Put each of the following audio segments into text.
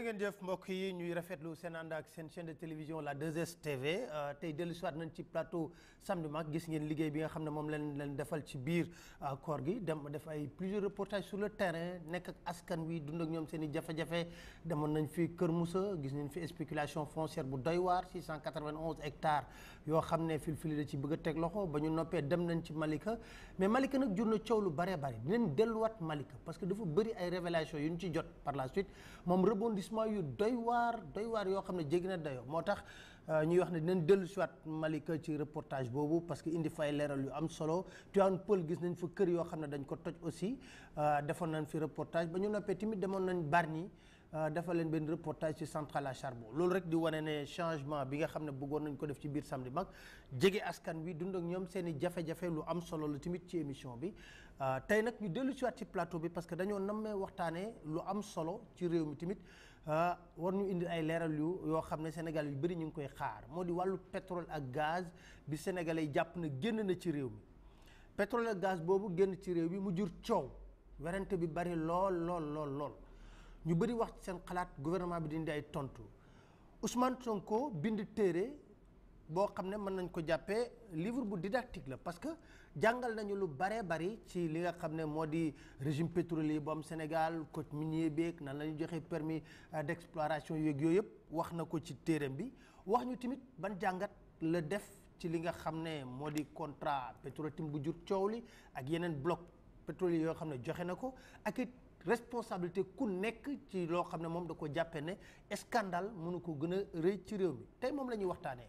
jërë ngeen jëf mbokk yi ñuy lu seen ànd ak seen chaîne de télévision la 2STV euh, tey dellu si waat nañ ci plateau samedi gis ngeen liggéey bi nga xam ne moom leen leen defal ci biir euh, koor gi dem def ay plusieurs reportages sur le terrain nekk ak askan wi dund ak ñoom seen i jafe-jafe demoon nañ fi Kër Moussa gis nañ fi spéculation foncière bu doy waar 691 hectares yoo xam ne filfili da ci bëgg teg loxo ba ñu noppee dem nañ ci Malika mais Malika nag jur na coow lu bare bare dinañ delluwaat Malika parce que dafa bëri ay révélations yu ñu ci jot par accomplissement yu doy waar doy waar yoo xam ne jéggi na dayoo moo tax euh, ñuy wax ne dinañ dellu si waat ci reportage boobu parce que indi fay leeral yu am solo Tivaouane Peulh gis nañ fa kër yoo xam ne dañ ko toj aussi euh, defoon nañ fi reportage ba ñu noppee tamit demoon nañ Bargny euh, dafa leen benn reportage ci centrale à charbon loolu rek di wane ne changement bi nga xam ne bëggoon nañ ko def ci biir samedi mag jege askan wi dund ak ñoom seen i jafe-jafe lu am solo la tamit ci émission bi tey nag ñu dellu si ci plateau bi parce que dañoo nammee waxtaanee lu am solo ci réew mi tamit Ah, war ñu indi ay leeral yu yoo xam ne Sénégal yu bëri ñu ngi koy xaar moo di wàllu pétrole ak gaz bi sénégalais jàpp na génn na ci réew mi pétrole ak gaz boobu génn ci réew mi mu jur coow werante bi bari lool lool lool ñu bëri wax ci seen xalaat gouvernement bi di indi ay tontu Ousmane Sonko bind téere boo xam ne mën nañ ko jàppee livre bu didactique la parce que jàngal nañu lu bare bari ci li nga xam ne moo di régime pétrolier bu am Sénégal côte minier beeg nan la ñu joxe permis euh, d'exploration yeeg yooyu yëpp wax na ko ci téeram bi wax ñu tamit ban jàngat la def ci li nga xam ne moo di contrat Petro-Tim bu jur coow li ak yeneen bloc pétrolier yoo xam ne joxe na ko ak it responsabilité ku nekk ci loo xam ne moom da ko jàppe ne scandale mënu ko gën a rëy ci réew mi tey moom la ñuy waxtaanee.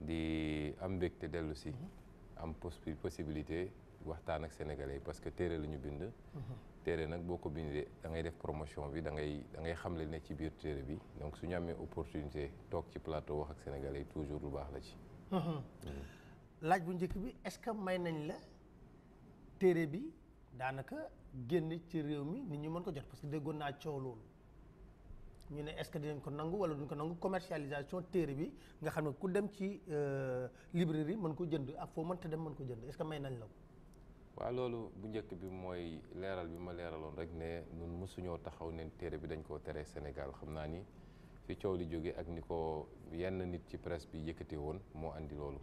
di am mbégte dellu si. am possibilité waxtaan ak sénégalais yi parce que téere la ñu bind. téere nag boo ko bindee da ngay def promotion bi da ngay da ngay xamle ne ci biir téere bi donc su ñu amee opportunité toog ci plateau wax ak sénégalais yi toujours lu baax la ci. laaj bu njëkk bi est-ce que may nañ la téere bi daanaka génn ci réew mi nit ñi mën ko jot parce que déggoon naa coow loolu. ñu ne est-ce que dinañ ko nangu wala duñ ko nangu commercialisation téere bi nga xam ne ku dem ci euh, librairie mën ko jënd ak foo mënta dem mën ko jënd est-ce may nañ la ko. waaw loolu bu njëkk bi mooy leeral bi ma leeraloon rek ne ñun mosuñoo taxaw ne téere bi dañ koo tere Sénégal xam naa ni fi coow li jóge ak ni ko yenn nit ci presse bi yëkkate woon moo andi loolu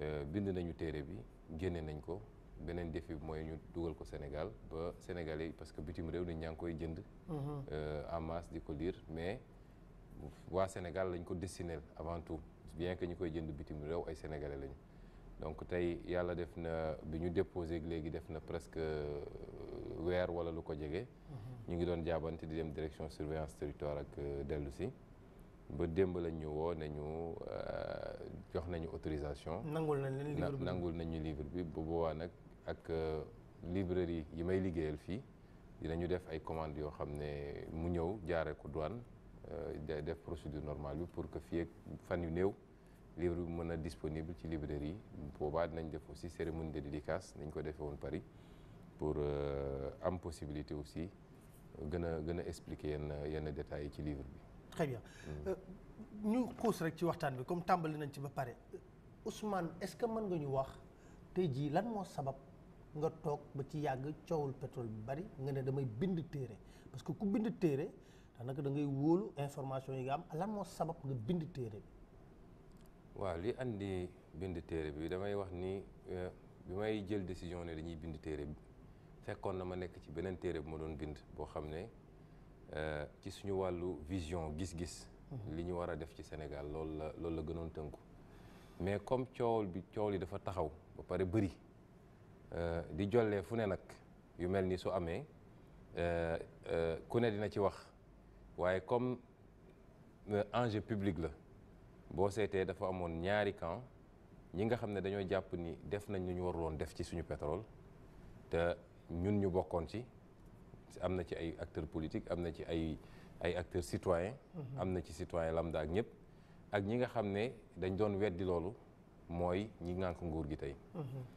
euh, bind nañu téere bi génne nañ ko. benen défi moy ñu duggal ko Sénégal ba Sénégalais parce que bitim rew ni ñaa ngi koy jënd. Euh, en masse di ko lire mais wa Sénégal lañ ko destiné avant tout bien que ñukoy jënd bitim rew ay Sénégalais lañ donc tay yalla def na bi ñu déposé léegi def na presque euh, wèr wala lu ko jege. Mhm. ñu ngi don jaabante di dem direction surveillance territoire ak euh, delusi ba démb lañ ñu wo nañu jox nañu autorisation. nangul nañ livre nangul nañu livre bi bu wa nak ak euh, librairie yi may liggéeyal fii dinañu def ay commandes yo xamné mu ñëw jaare ko douane euh, def procédure normale bi pour que fii ak fan yu néew livre bi mëna disponible ci librairie yi dinañ def aussi cérémonie de dédicace nañ ko défé won Paris pour euh, am possibilité aussi gëna gëna expliquer yenn yenn détails ci livre bi. très bien mm. ñu xuus rek ci waxtaan bi comme tambali nañ ci ba paré Ousmane est-ce que mën nga ñu wax tay ji lan mo sabab. nga toog ba ci yàgg coowul pétrole bi bari nga ne damay bind téere parce que ku bind téere daanaka da ngay wóolu information yi nga am lan moo sabab nga bind téere bi. waaw li andi bind téere bi damay wax ni euh, bi may jël décision ne dañuy bind téere bi fekkoon na ma nekk ci beneen téere bu ma doon bind boo xam ne euh, ci suñu wàllu vision gis-gis. Mhm. li ñu war a def ci Sénégal loolu la loolu la gënoon tënku. mais comme coowal bi coow li dafa taxaw ba pare bëri. Euh, di jollee fu ne nag yu mel ni su amee euh, euh, ku ne dina ci wax waaye comme enjeu public la boo seetee dafa amoon ñaari camp ñi nga xam ne dañoo jàpp ni def nañ lu ñu waruloon def ci suñu pétrole te ñun ñu bokkoon ci am na ci ay acteurs politiques am na ci ay ay acteurs citoyens mhm. am na ci citoyen lambda ak ñëpp ak ñi nga xam ne dañ doon weddi loolu mooy ñi ngànk nguur gi tey mhm.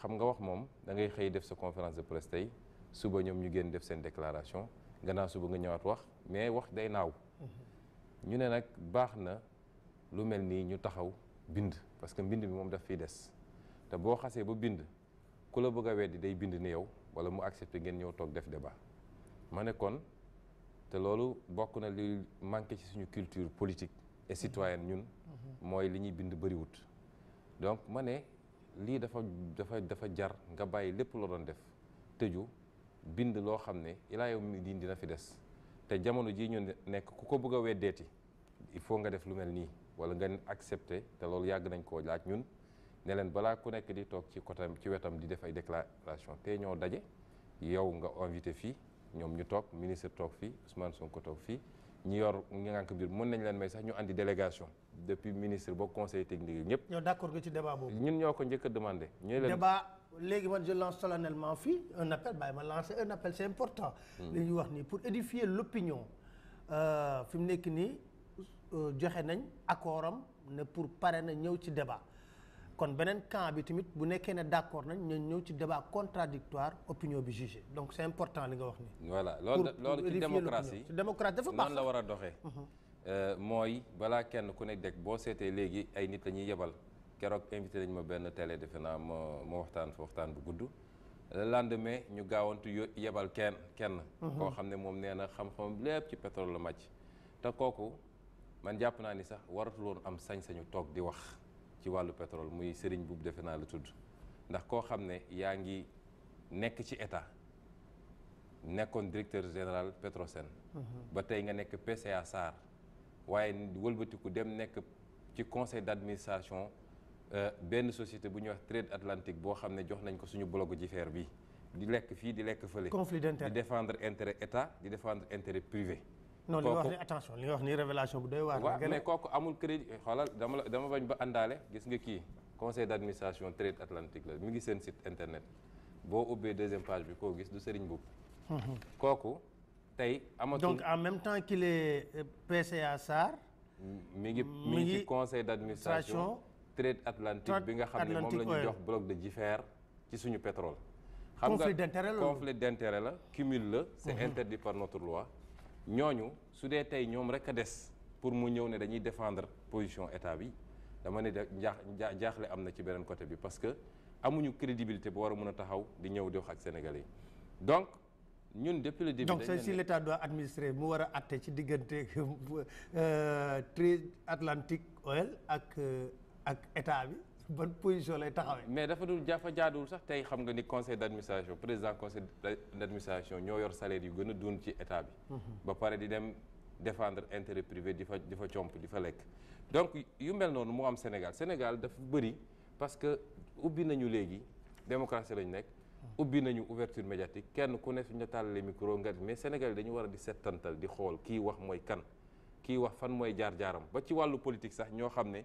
xam nga wax moom da ngay xëy def sa conférence de presse tey suba ñoom ñu génn def seen déclaration gannaaw suba nga ñëwaat wax mais wax day naaw. Mhm. ñu ne nag baax na lu mel nii ñu taxaw bind parce que mbind bi moom daf fiy des te boo xasee ba bind ku la bëgg a weddi day bind ni yow wala mu accepté ngeen ñëw toog def débat ma ne kon te loolu bokk na li manqué ci suñu culture politique et citoyenne ñun. Mhm. mooy li ñuy bind bëriwut donc ma ne. lii dafa dafa dafa jar nga bàyyi lépp loo doon def tëju bind loo xam ne ilaa yow mi diin dina fi des te jamono jii ñu nekk ku ko bëgg a weddeeti il faut nga def lu mel nii wala nga accepté te loolu yàgg nañ koo laaj ñun ne leen balaa ku nekk di toog ci côté ci wetam di def ay déclaration te ñoo daje yow nga invité fii ñoom ñu toog ministre toog fii Ousmane ko toog fii Nous, avons une ngànk délégation depuis ministre le conseil technique Nous sommes d'accord avec ci débat Nous, ñun ñoo demandé. débat je lance solennellement fi, un appel ma lancer un appel c'est important. Hmm. li pour édifier l'opinion nous avons un accord joxe ne pour parrainer na débat. kon beneen camp bi tamit bu nekkee ne d'accord nañ ñu ñëw ci débat contradictoire opinion bi jugé donc c'est important li nga wax nii. voilà loolu loolu ci démocratie ci démocratie dafa baax la war a doxee. Mhm. Euh, mooy balaa kenn ku nekk deg boo seetee léegi ay nit la ñuy yebal keroog invité nañ ma benn télé defe naa ma ma waxtaan fa waxtaan bu gudd. le lendemain ñu gaawantu yebal kenn kenn. Mhm. koo xam ne moom nee na xam-xam lépp ci pétrole la màcc. te kooku man jàpp naa ni sax waratul woon am sañ-sañu toog di wax. ci wàllu pétrole muy Serigne Boub defe naa la tudd ndax koo xam ne yaa ngi nekk ci état nekkoon directeur général Petrosen. Mhm. ba tey nga nekk PCA SAR waaye wëlbatiku dem nekk ci conseil d'administration Ben, société bu ñuy wax Trade Atlantique boo xam ne jox nañ ko suñu bloc jifeer bi di lekk fii di lekk fële. conflit d'intérêt di défendre intérêt état di défendre intérêt privé non li wax ni attention li wax ni révélation bu doy war mais kooku amul crédit xolal dama dama bañ ba andalé gis nga ki conseil d'administration trade atlantique la mi ngi seen site internet bo ubbee deuxième page bi ko gis du Serigne Mboup. Mhm. kooku tay amatul donc en même temps qu'il est euh, PCA SAR mi ngi mi ngi conseil d'administration trade atlantique bi nga xam mom lañu jox bloc de Jifeer ci suñu pétrole. conflit d'intérêt conflit d'intérêt la cumul la. c' mhm. interdit par notre loi. ñooñu su dee tey ñoom rek a des pour mu ñëw ne dañuy defendre position état bi dama ne da jaaxle am na ci beneen côté bi parce que amuñu crédibilité bu war a mun a taxaw di ñëw di wax ak sénégalais yi donc ñun depuis le début donc si l' état doit mu war a atte ci diggante euh, tri Atlantique oil ak euh, ak état bi. ban position lay taxawé mais dafa dul jafa jaaduwul sax tay xam nga ni conseil d'administration président conseil d'administration, administration yor salaire yu gëna doon ci état bi. Mhm. ba paré di dem défendre intérêt privé di fa di fa comp di fa lekk. donc yu mel non mu am Sénégal Sénégal dafa bëri parce que ubbi nañu légui démocratie lañu nek mhm. ubbi nañu ouverture médiatique kenn ku ne suñu la tàllalee micro nga mais Sénégal dañu wara di settantal di xol ki wax moy kan ki wax fan moy jaar-jaaram ba ci walu politique sax ño xamné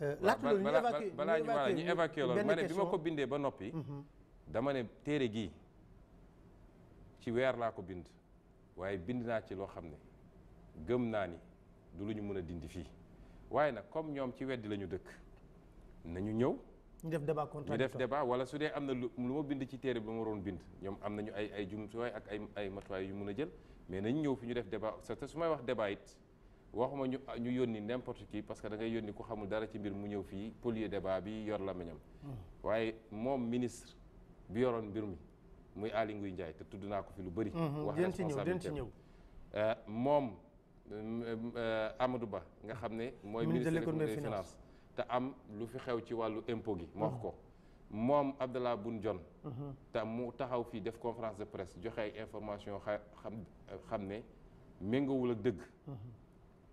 Euh, laata loolu ñu évacué balaa ñu voilà ñu évacué loolu ma ne bi ma ko bindee ba noppi mhm. dama ne téere gi ci weer laa ko bind waaye bind naa ci loo xam ne gëm naa ni du lu ñu mën a dindi fii waaye nag comme ñoom ci weddi la ñu dëkk nañu ñëw ñu def débat contradictoire ñu def wala su dee am na lu lu ma bind ci téere bi ma waroon bind ñoom am nañu ay ay jumtuwaay ak ay ay matuwaay yu mën a jël mais nañu ñëw fi ñu def débat te su may wax débat it waxuma ñu ñu yónni n'importe qui parce que da ngay yónni ku xamul dara ci mbir mu ñëw fii polluer débat bi yor la meñam hmm. waaye moom ministre bi yoroon mbir mi muy Aly Ngouille Ndiaye te tudd naa ko fi lu bëri. Hmm, hmm. wax responsabilité ci ñëw euh, moom euh, euh, amadu Ba nga xam ne. mooy ministre de l'économie te am lu fi xew ci wàllu impo gi. ma wax ko moom Abdallah Boun Dionne. te mu taxaw fii def conférence de presse joxe ay information xam xam ne méngoowul ak dëgg.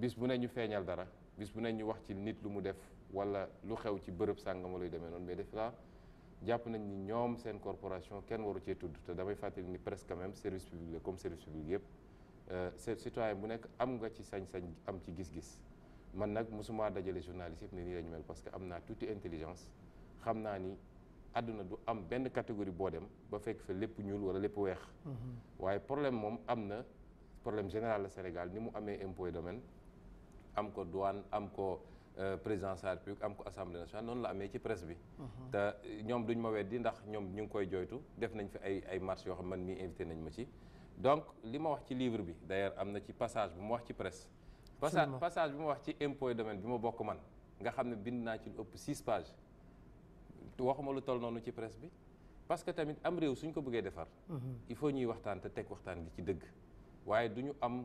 bis bu ne ñu feeñal dara bis bu ne ñu wax ci nit lu mu def wala lu xew ci bërëb sàngama luy demee noonu mais def laa jàpp nañ ni ñoom seen corporation kenn waru cee tudd te damay fàttali ni presque quand même service public la comme service public yëpp euh, citoyen bu nekk am nga ci sañ-sañ am ci gis-gis man nag mosuma dajale journaliste yëpp ne nii lañu mel parce que am naa tuuti intelligence xam naa ni àdduna du am benn catégorie boo dem ba fekk fa lépp ñuul wala lépp weex mhm. waaye problème moom am na problème général la Sénégal ni mu amee impôt domaine am ko douane am ko euh, présidence de la République am ko assemblée nationale Non la amé ci presse bi. Mhm. ta ñom duñ ma wéddi ndax ñom ñu ngi koy joytu def nañ fi ay ay marches yo xam man mi invité nañ ma ci. donc li ma wax ci livre bi d'ailleurs am na ci passage bu ma wax ci presse. passage passage bi ma wax ci impôt domaine bi ma bokk man nga xam ne bind na ci lu ëpp six pages waxuma lu toll nonu ci presse bi. parce que tamit am réew suñ ko bëggé défar mhm. il faut ñuy waxtaan te tek waxtaan gi ci dëgg waaye duñu am.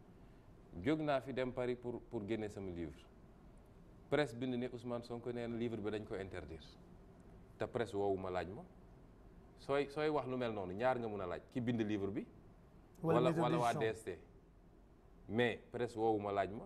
jóg naa fi dem Paris pour pour génne sama livre presse bind ne Ousmane Sonko nee na livre bi dañ ko interdire te presse woowu ma laaj ma sooy sooy wax lu mel noonu ñaar nga mun a laaj ki bind livre bi. wala wala waa DST mais presse woowuma laaj ma.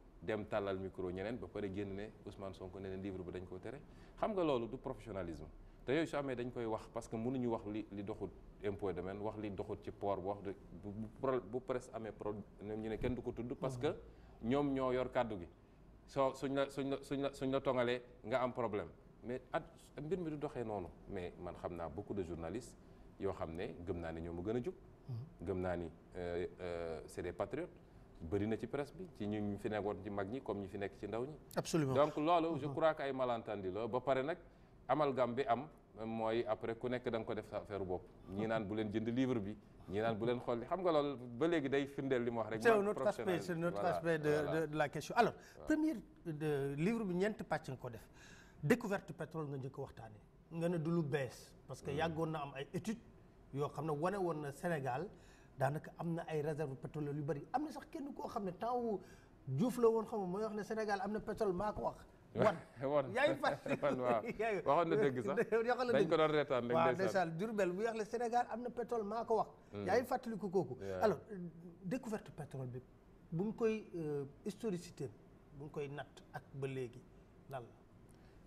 dem talal micro ñeneen ba pare Usman ne Ousmane Sonko ne leen livre bu dañ ko téré xam nga loolu du professionnalisme te yoy su dañ koy wax parce que ñu wax li li doxut impôt men wax li doxut ci port bu wax bu presse amé pro ñu ne kenn du ko tudd parce que ñom ño yor cadeau gi so suñ la suñ la suñ la suñ la tongalé nga am problème mais at mbir mi du doxé nonu mais man xamna beaucoup de journalistes yo xamné gëm na mm-hmm. ni ñoo mu gëna juk gëm na ni c'est des patriotes bëri na ci presse bi ci ñu fi nekkoon ci mag ñi comme ñi fi nekk ci ndaw ñi. absolument donc loolu je mhm. crois que ay malentendu la ba pare nag amalgam bi am mooy après ku nekk da nga ko def sa affaire bopp. ñii naan bu leen jënd livre bi. ñii naan bu leen xool xam nga loolu ba léegi day firndeel li mu wax rek. c'est notre aspect c'est notre aspect de de bi ñeent pàcc nga ko def découverte pétrole nga njëkk waxtaanee. nga ne du lu bees. parce que mm. yàggoon na am ay études yoo xam ne wane woon na Sénégal. danaka amna ay réserve pétrole yu bari amna sax kenn ko xamné taw temps la won xam moy wax né Sénégal amna pétrole mako wax. wan wan yaa ngi waxon na deug sax dañ ko doon rétan rek waaw ndeysaan durbel bu wax ne Sénégal amna pétrole mako wax. Hmm. yayi ngi fàttaliku koku alors découverte pétrole bi bu ngui koy euh, historicité bu ngui koy natt ak ba légui lan la.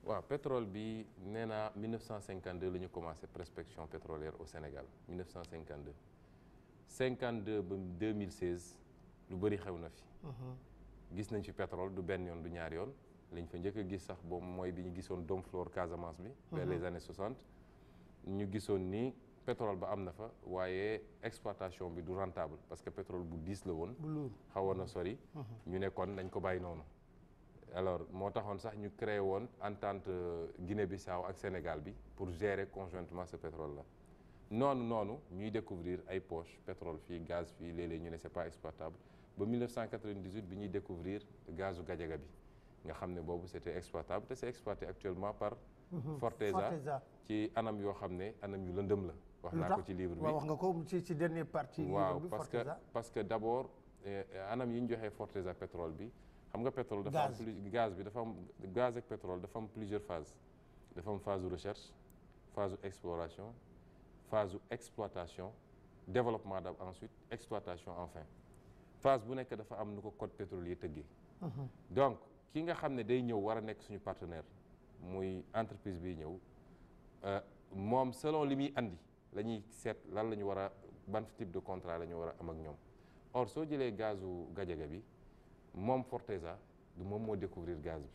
waaw pétrole bi nee naa 1952 la ñu commencé prospection pétrolière au Sénégal 1952. 52 2016 lu fait xewna uh-huh. pétrole du avons yon du fa uh-huh. les années 60 Nous avons ni. pétrole ba rentable parce que pétrole bu 10 la won xawona sori uh-huh. ñu alors sax créé entente euh, Guinée-Bissau ak Sénégal pour gérer conjointement ce pétrole là non, non nous. découvrir ay poche pétrole fi, gaz fi, léeg ñu ne c'est pas exploitable ba 1998 bi ñuy découvrir gazu Gadiaga bi nga xam ne que c'était exploitable c'est exploité actuellement par mhm. Forteza ci anam yoo xam ne anam yu lëndëm la wax ko ci livre wax nga ko ci ci dernière partie du parce que parce que d'abord eh, anam yi ñu joxee Forteza pétrole bi xam nga pétrole dafa plus gaz bi dafa gaz et pétrole dafa am plusieurs phases dafa une phase de recherche phase d'exploration phase exploitation développement ensuite exploitation enfin phase bu que dafa am nu code pétrolier tëggee. Mhm. donc ki nga xam ne day ñëw war a suñu partenaire muy entreprise bi ñëw euh, selon limi andi la set seet lan ban type de contrat la wara war a am ak ñoom or soo jëlee gazu Gadiaga gabi, moom Forteza du moom mo découvrir gaz bi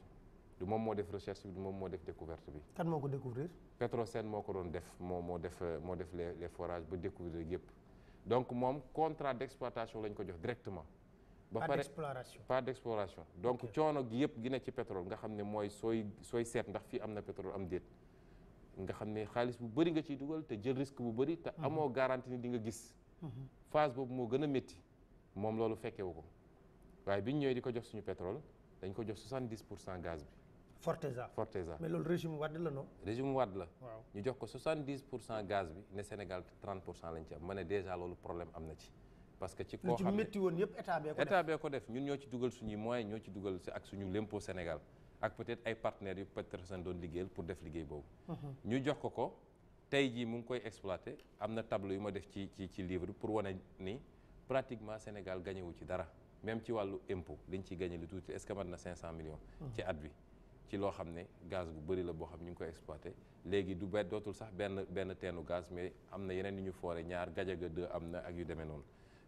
du moom moo def recherche bi du moom moo def découverte bi. kan moko découvrir. Petrosen moko don def moo moo def mo def les les forages ba découvrir yëpp donc mom contrat d'exploitation lañ ko jox directement. ba pare pas d'exploration donc choono gi yëpp gi ne ci pétrole nga xamné moy soy soy sooy ndax fi amna pétrole am déet nga xamné xaliss bu bëri nga ci dugal te jël risque bu bëri te mhm. amo garantie ni di nga gis mhm. phase boobu mo gëna metti mom lolu loolu fekkewu ko biñ ñëw di ko jox suñu pétrole dañ ko jox 70 gaz bi Forteza Forteza mais loolu régime Wade la non. régime Wade ñu jox ko pour cent gaz bi ne Sénégal 30 pour cent lañ ci am ma ne loolu problème am na ci. parce que ci koo xam ne lu ci métti woon bee ko def ñun ñoo ci dugal suñuy moyens ñoo ci dugal si ak suñu lempo Sénégal ak peut-être ay partenaires yu Petrosen doon liggéeyal pour def liggéey boobu. Mhm. ñu jox ko ko tey jii mu ngi koy exploité am na tableau yu ma def ci ci ci livre pour wane ni pratiquement Sénégal gagné wu ci dara même ci wàllu impôt liñ ciy na 500 millions. Mhm. ci at bi. ci loo xam ne gaz bu bëri la boo xam ñu ngi koy exploité léegi du bet dootul sax benn benn teenu gaz mais am na yeneen yu ñu foore ñaar gajaga deux am na ak yu demee noonu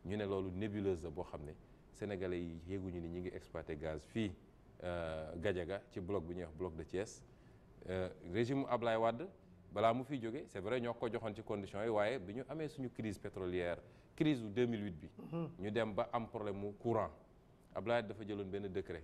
ñu ne loolu nébuleuse la boo xam ne sénégalais yi yéeguñu ni ñu ngi exploité gaz fii euh, gajaga ci bloc bu ñuy wax bloc de Thiès euh, régime Ablaye Wade balaa mu fiy jóge c'est vrai ñoo ko joxoon ci condition yi waaye bi ñu amee suñu crise pétrolière crise bu 2008 bi mhm. ñu dem ba am problème mu courant Ablaye dafa jëloon benn décret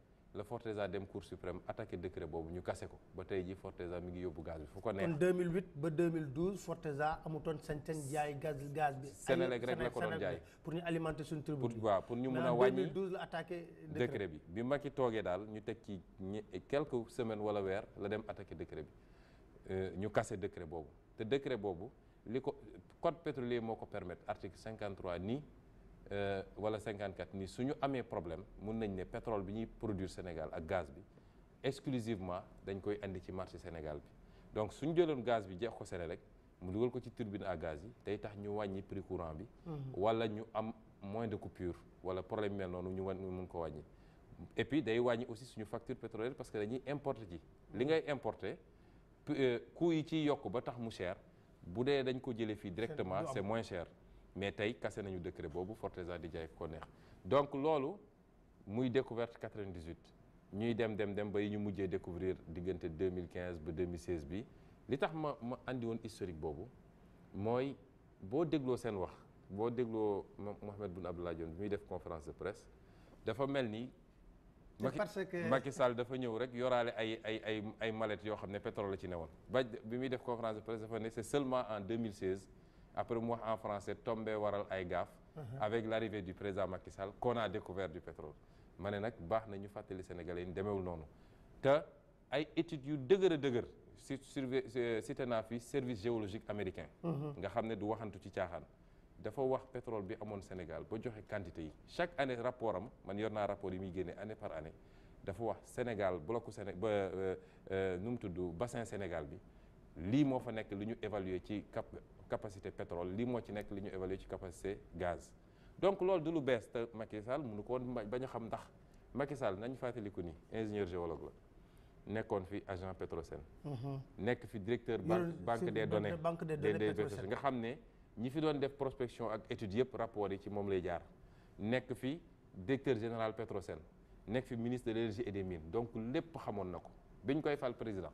la Forteza dem cour suprême attaqué décret boobu ñu kase ko ba tay ji Forteza mi ngi yobbu gaz bi fu ko neex. en 2008 ba 2012 Forteza amutone sañ jaay gaz gaz bi. Sénélec rek la ko don jaay pour ñu alimenter sun tribune pour waaw pour ñu mun a 2012 la attaqué décret bi bi maki toogee dal ñu tek ci quelques semaines wala weer la dem attaqué décret bi euh, ñu kase décret bobu te décret bobu liko code pétrolier moko permettre article 53 ni euh, wala 54 ni suñu amé problème mën nañ né pétrole bi ñuy produire Sénégal ak gaz bi exclusivement dañ koy andi ci marché Sénégal bi donc suñu jëlone gaz bi jéx ko Sénélec mu dugal ko ci turbine à gaz yi tay tax ñu wañi prix courant bi mhm. wala ñu am moins de coupure wala problème mel nonu ñu wan ñu ko et puis day wañi aussi suñu facture pétrolière parce que dañuy importer ji li ngay importer euh, coût yi ci yok ba tax mu cher bu dee dañ ko jëlé fi directement c'est moins cher mais tay kase nañu décret bobu Forteza di jaay ko neex donc lolu muy découverte 98 ñuy dem dem dem ba ñu mujjé découvrir diggante 2015 ba 2016 bi li tax ma ma andi won historique bobu moy bo déglo sen wax bo déglo Mohamed Boun Abdallah Dionne muy def conférence de presse dafa melni mais parce que Macky Sall dafa ñëw rek yoralé ay ay ay ay mallette yo xamné pétrole la ci newoon ba bi muy def conférence de presse dafa né c'est seulement en 2016 après moi en français tombé waral ay gaf uh-huh. avec l'arrivée du président Macky Sall qu'on a découvert du pétrole mané nak bax nañu fatali sénégalais yi déméwul noonu te ay études yu deugure a euh, cité service géologique américain uh-huh. nga xamné du waxantu ci caaxaan dafa wax pétrole bi Sénégal, Sénégal ba joxe quantité yi chaque année rapportam man yorna rapport yi mi guéné année par année dafa wax Sénégal le Sénégal, ba euh, euh, bassin Sénégal bi li moo fa nekk lu ñu évaluer ci cap capacité pétrole lii moo ci nekk li ñu évaluer ci capacité gaz donc loolu du lu bees te Macky Sall mënu ko woon bañ a xam ndax Macky Sall nañ fàttaliku ni ingénieur géologue la nekkoon fi agent Petrosen. Mhm. nekk fi directeur banque des données banque des données Petrosen nga xam ne ñi fi doon def prospection ak étude yëpp rapport yi ci moom lay jaar nekk fi directeur général Petrosen nekk fi ministre de l'énergie et des mines donc lépp xamoon na ko biñ koy fal président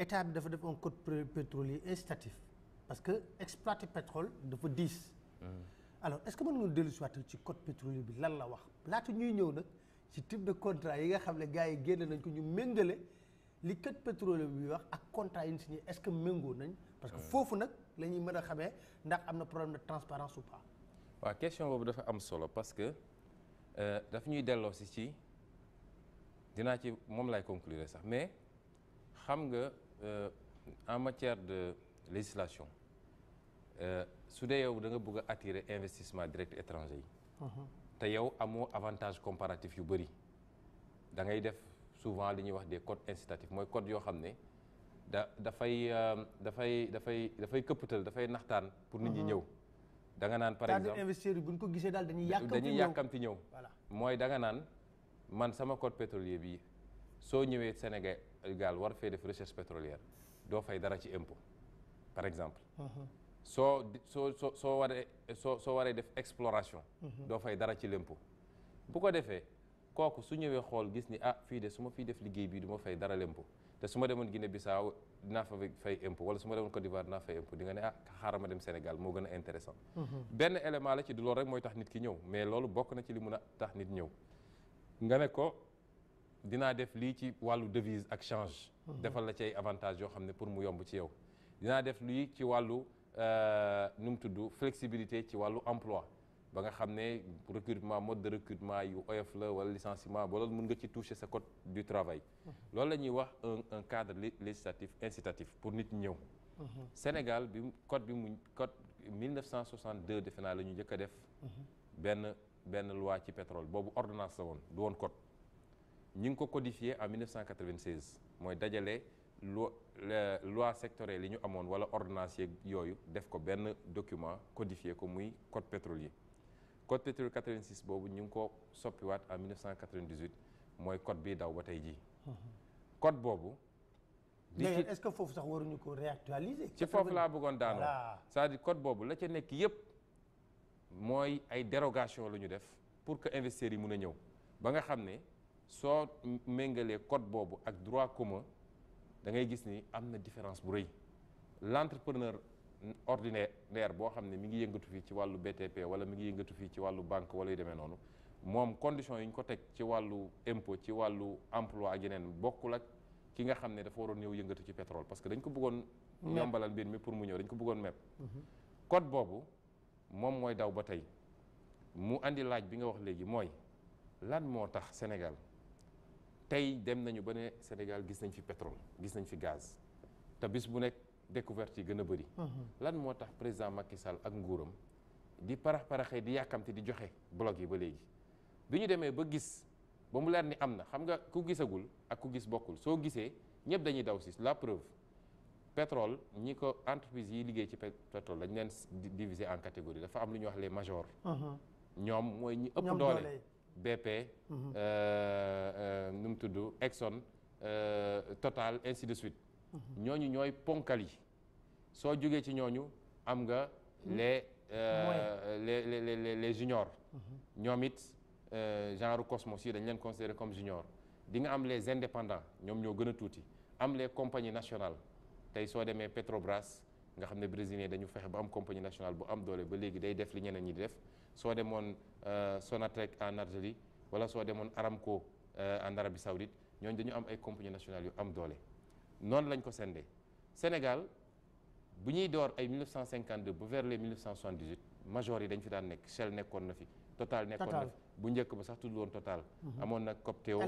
état bi dafa def un code pétrolier incitatif parce que exploiter pétrole dafa 10. Hmm. alors est-ce que nous nga dellu si ci code pétrolier bi lan la wax tu ñuy type de contrat yi nga xam les gars yi génn nañ ko ñu méngale li code pétrolier bi wax contrat yi est-ce que méngoo nañ. parce que hmm. foofu nag nous ñuy mën a ndax a problème de transparence ou pas. La question que dafa am solo parce que euh, daf ñuy de la ci dinaa ci moom lay conclure ça, mais xam nga. euh, en matière de législation euh, su dee yow da nga attirer investissement direct étranger yi. Uh-huh. te yow amoo avantage comparatif Vous avez da ngay def souvent li wax des codes incitatifs mooy code yoo xam ne da euh, fay da fay da këppatal da naxtaan pour nit ñi uh-huh. ñëw. da nga nan par exemple da yi bu ñu ko gisee daal dañuy. dañuy yàkkamti ñëw moy da nga nan man sama code pétrolier bi so ñëwee Sénégal gaal war fee def recherche pétrolière doo fay dara ci impôt par exemple uh-huh. soo soo soo soo waree soo soo waree def exploration uh-huh. doo fay dara ci l'impôt bu ko defee kooku su ñëwee xool gis ni ah fii de su ma fii def liggéey bi du ma fay dara l'impôt te su ma demoon Guinée Bissau dinaa fa fay impôt wala su ma demoon Côte d'Ivoire dinaa fay impôt di nga ne ah xaaral ma dem Sénégal moo gën a intéressant uh-huh. benn élément la ci du loolu rek mooy tax nit ki ñëw mais loolu bokk na ci a tax nit ñëw nga ne dina def li ci walu devise ak change. Mhm. defal la ci ay avantages yoo xam pour mu yomb ci yow. dina def lii ci walu euh num tudd flexibilité ci walu emploi ba nga xamné recrutement mode de recrutement yu oyof la wala licenciement bolol loolu mën nga ci toucher sa code du travail. Mhm. loolu lañuy wax un un cadre législatif incitatif pour nit ñew mhm. Sénégal bi code bi mu code 1962 defe lañu jëk ñu def. ben ben loi ci pétrole bobu ordonnance won du won code. Nous ngi ko codifié en 1996 mooy dajale loi loi sectorielle yi ñu amoon wala ordonnance yooyu def ko document codifié ko muy code pétrolier code pétrolier 86 nous ñu ngi en 1998 le code bii daw ba Le jii. code Bobu. di est-ce que faut sax nous ko réactualiser. C'est foofu laa bëggoon daanoo c'est-à-dire code boobu la ca c'est yépp mooy ay dérogation la ñu def pour que investisseurs yi mun a ñëw ba nga so mengale code bobu ak droit commun da ngay gis ni amna différence bu reuy l'entrepreneur ordinaire bo xam mi ngi yëngatu fi ci walu BTP wala mi ngi yëngatu fi ci walu banque wala yéme nonu mom condition yi ñu ko tek ci walu impôt ci walu emploi ak yenen bokul ak ki nga xam ne dafa waroon ñew yëngatu ci pétrole parce que dañ ko bëggon ñombalal mi pour mu ñew dañ ko bëggon mepp mhm. code bobu mom moy daw ba mu andi laaj bi nga wax léegi moy lan motax Sénégal tey dem nañu ba ne Sénégal gis nañ fi pétrole gis nañ fi gaz te bis bu nekk découverte yi gën a bëri mhm. lan moo tax président Macky Sall ak nguuram di parax-paraxee di yàkkamte di joxe bloc yi ba léegi bi ñu demee ba gis ba mu leer ni am na xam nga ku gisagul ak ku gis bokkul soo gisee ñëpp dañuy daw si la preuve pétrole ñi ko entreprise yi liggéey ci pétrole lañ leen diviser en catégorie dafa am lu ñuy wax les majors mhm. ñoom mooy ñi ëpp doole BP mhm. euh, euh, nu mu Exxon euh, Total ainsi de suite mhm. ñooñu ñooy ponkali. yi soo jógee ci ñooñu am nga mhm. les les les les juniors ñoom genre Cosmos yi dañ leen considéré comme junior di nga am les indépendants ñoom ñoo gën touti. am les compagnies nationales tey soo demee Petrobras nga xam ne brésilien dañu fexe ba am compagnie nationale bu am doole ba léegi day def li ñeneen ñi di def soo demoon euh, Sonatrach en Algérie wala soo demoon Aramco euh, en Arabie Saoudite Nous dañu am ay compagnie nationale yu am doole Non, lañ ko Sénégal bu d'or door ay 1952 vers les 1978 Majorité yi dañ fi daan nek Shell nekkoon na fi Total nekkoon na fi bu njëkk ba sax le woon Total mhm. amoon na Copteo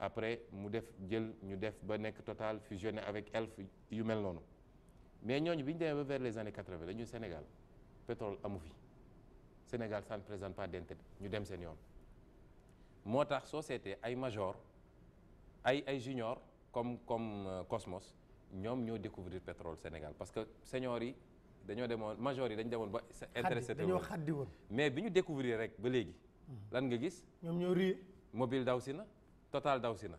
après mu def jël ñu def ba Total fusionné avec Elf yu mel mais nous avons ñu vers les années 80 dañu Sénégal pétrole amu fi Sénégal ça ne présente pas d'intérêt ñu dem seen yoon moo tax soo seetee ay major ay ay junior comme comme euh, Cosmos ñoom ñoo découvrir pétrole Sénégal parce que seniors yi dañoo demoon major yi dañu demoon ba. intéressé dañoo xaddi mais bi ñu découvrir rek ba léegi. Hmm. lan nga gis. ñoom ñoo rëy. mobile daw na total daw na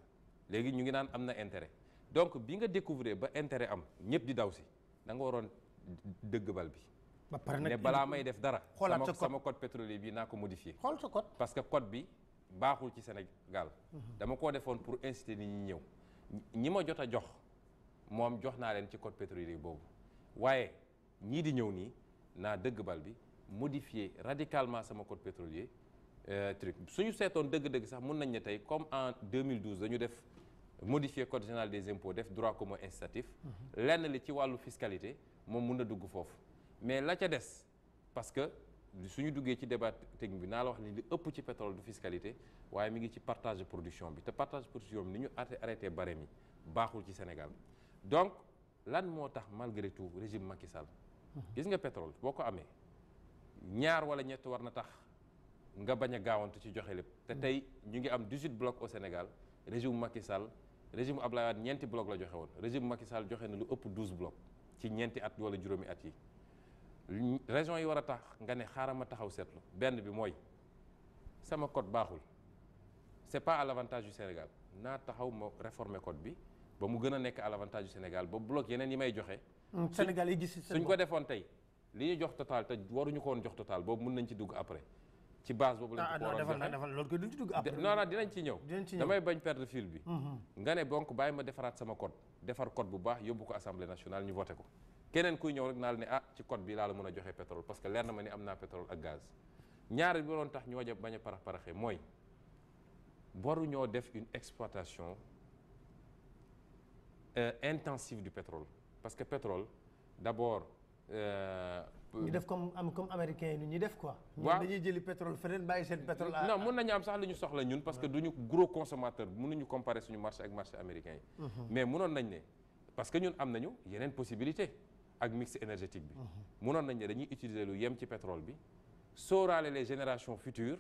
léegi ñu ngi naan am intérêt donc bi nga découvrir ba intérêt am ñëpp di daw si da nga waroon dëgg bal bi ba pare def dara. sama code pétrolier bi nako modifier modifié. xool code parce que code bi baxul ci Sénégal. dama ko defone pour inciter nit ñi ñëw. ñi ma jox mom jox naa ci code pétrolier bobu waaye ñi di ñew ni, na deug bal bi modifier radicalement sama code pétrolier euh, truc suñu sétone deug deug sax mën nañ ne tay comme en 2012 dañu def modifier code général des impôts def droit commun incitatif mhm. lenn li ci walu fiscalité mom mun na dugg foofu mais la ca des parce que suñu duggee ci débat technique bi naa la wax ni li ëpp ci pétrole du fiscalité waaye mi ngi ci partage production bi te partage production bi ni ñu arrêté barème yi baaxul ci Sénégal donc lan moo tax malgré tout régime Macky Sall gis nga pétrole boo ko amee ñaar wala ñett war na tax nga baña a ci joxe lépp té tay ñu ngi am 18 blocs au Sénégal régime Macky Sall régime Abdoulaye Wade ñeenti blocs la joxé won régime Macky Sall joxé na lu ëpp 12 blocs ci ñenti at wala juroomi at yi région yi war a tax nga ne xaaral ma taxaw seetlu benn bi mooy sama code baaxul c'est pas à l'avantage du Sénégal naa taxaw ma réformer code bi ba mu gën a nekk à l'avantage du Sénégal ba bloc yeneen yi may joxe. Mm, Sénégal yi gis suñ ko defoon tey li ñu jox total te waruñu ko woon jox total boobu mën nañ ci dugg après. ci base boobu lañ ah, ko war a joxe ah duñ ci dugg après. non non dinañ ci ñëw. dinañ ci ñëw damay bañ perdre fil bi. Mm-hmm. nga ne donc bàyyi ma defaraat sama code defar code bu baax yóbbu ko assemblée nationale ñu voté ko. keneen kuy ñew rek naal la ne ah ci code bi la la mëna joxe pétrole parce que leer na ma ni amna pétrole ak gaz ñaar bi won tax ñoja baña parax paraxee waru ñoo def une exploitation euh, intensive du pétrole parce que pétrole d'abord euh, ñu def comme am comme américain yi ñi def quoi. waaw dañuy jëli pétrole fenen bayi sen pétrole. non mun nañu am sax li soxla ñun parce que duñu gros consommateur mënuñu comparer suñu marché ak marché américain mhm. mais mënon nañ né parce que ñun am nañu yenen possibilité. le mix énergétique bi. avons utiliser yem pétrole bi les générations futures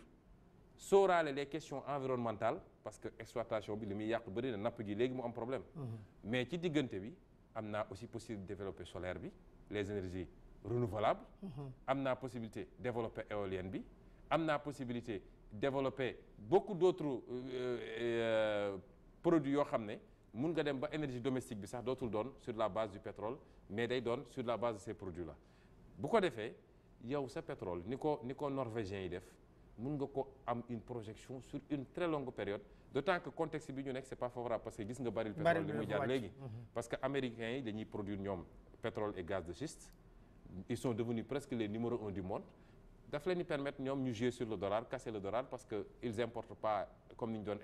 sauraler les questions environnementales parce que l'exploitation, bi un de na pas gi problème. Mhm. mais ci diggante bi aussi possible développer solaire bi les énergies renouvelables. Mhm. am possibilité développer l'éolienne bi am possibilité possibilité développer beaucoup d'autres euh, euh, euh, produits mun nga dem ba énergie domestique bi sax dootul sur la base du pétrole mais day donnent sur la base de ces produits là bu ko defee yow sa pétrole ni ko ni ko norvégien yi def une projection sur une très longue période d'autant que contexte bi ñu c'est pas favorable parce que gis nga baril pétrole li muy jaar léegi mhm. parce que américains yi dañuy produire pétrole et gaz de schiste ils sont devenus presque les numéro un du monde daf leen di permettre ñoom ñu jouer sur le dollar casser le dollar parce qu'ils ils importent pas comme ils ñu doon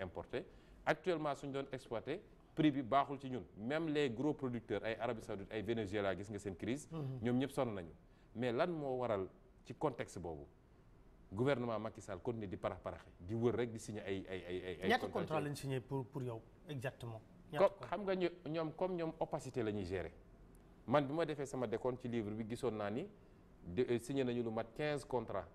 actuellement ils doon exploiter prix bi baaxul ci ñun même les gros producteurs ay Arabie Saoudite ay Venezuela gis nga seen crise mhm. ñom ñep son nañu mais lan mo waral ci contexte Le gouvernement Macky Sall continue di parax paraxe di wër rek di signé ay ay ay ay. ñaata contrat lañ signé pour pour yow exactement. xam nga ñom comme ñom opacité la ñuy gérer man bima défé sama décompte ci livre bi gisoon na ni euh, signé nañu lu mat 15 contrats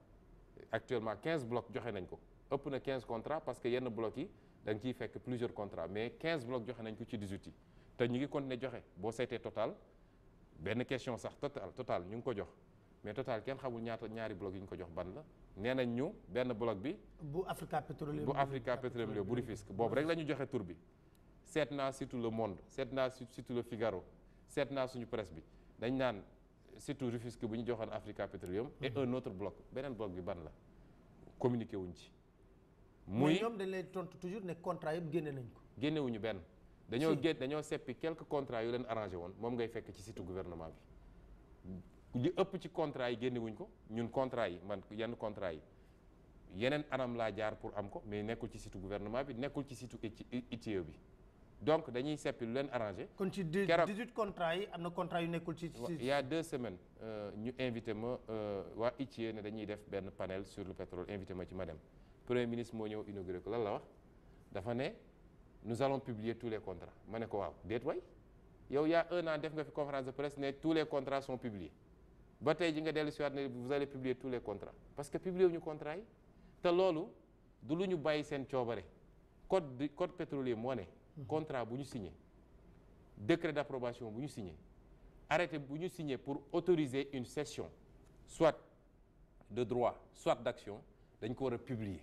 actuellement 15 blocs joxé nañ ko ëpp na 15 contrats parce que yenn blocs yi da nga ciy fekk plusieurs contrats mais 15 blocs joxe nañ ko ci 18 yi te ñu ngi continuer joxe boo saytee total benn question sax total total ñu ngi ko jox mais total kenn xamul ñaata ñaari blocs yi ñu ko jox ban la nee nañ ñu benn bloc bi. bu Africa Petroleum bu Africa Petroleum bu Rufisque boobu rek la ñu joxe tur bi seet naa surtout le monde seet naa surtout le Figaro seet naa suñu presse bi dañ naan surtout Rufisque bu ñu joxoon Africa Petroleum et mm-hmm. un autre bloc beneen bloc bi ban la communiqué wuñ ci. mooy ñoom dañ lay tontu toujours ne contrat yëpp génne nañ ko. génnewuñu benn dañoo génn dañoo seppi quelques contrats yu leen arrangé woon moom ngay fekk ci site gouvernement bi li ëpp ci contrat yi génnewuñ ko ñun contrat yi man yenn contrat yi yeneen anam laa jaar pour am ko mais nekkul ci site gouvernement bi nekkul ci site ITIE bi donc dañuy seppi lu leen arrangé. kon ci 18 contrat yi am na contrat yu nekkul ci. il y a deux semaines euh, ñu invité ma euh, waa ITIE ne dañuy def benn panel sur le pétrole ma ci ma dem. premier ministre inauguré la nous allons publier tous les contrats Je y ko Il y yow un an une conférence de presse tous les contrats sont publiés vous allez publier tous les contrats parce que publier les contrats, c'est ce que du lu ñu code code pétrolier mhm. contrat bu ñu signé décret d'approbation bu nous signé arrêté bu ñu signé pour autoriser une cession soit de droit soit d'action nous ko publié. publier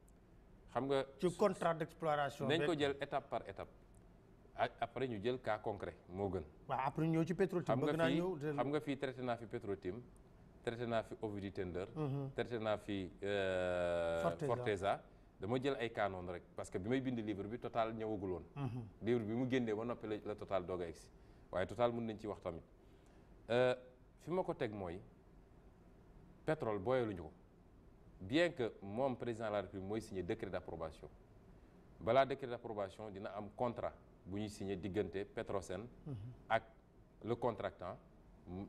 xam nga ci contrat d'exploration nañ ko jël étape par étape après ñu jël cas concret moo gën waaw après ñëw ci Petrotim bëgg naa ñëw xam nga fii traité naa fi Petrotim traité fi Ovidi Tender traité naa fi mhm. euh, Forteza dama jël ay cas noonu rek parce que bi may bind livre bi total ñëwagul woon mhm. livre bi mu génnee ba noppi la total doog a total mun nañ ci wax tamit euh, fi ma ko teg mooy ko bien que mon président de la république mooy signé décret d'approbation, le décret il y a un contrat bu ñuy signé avec Petrosen mhm. le contractant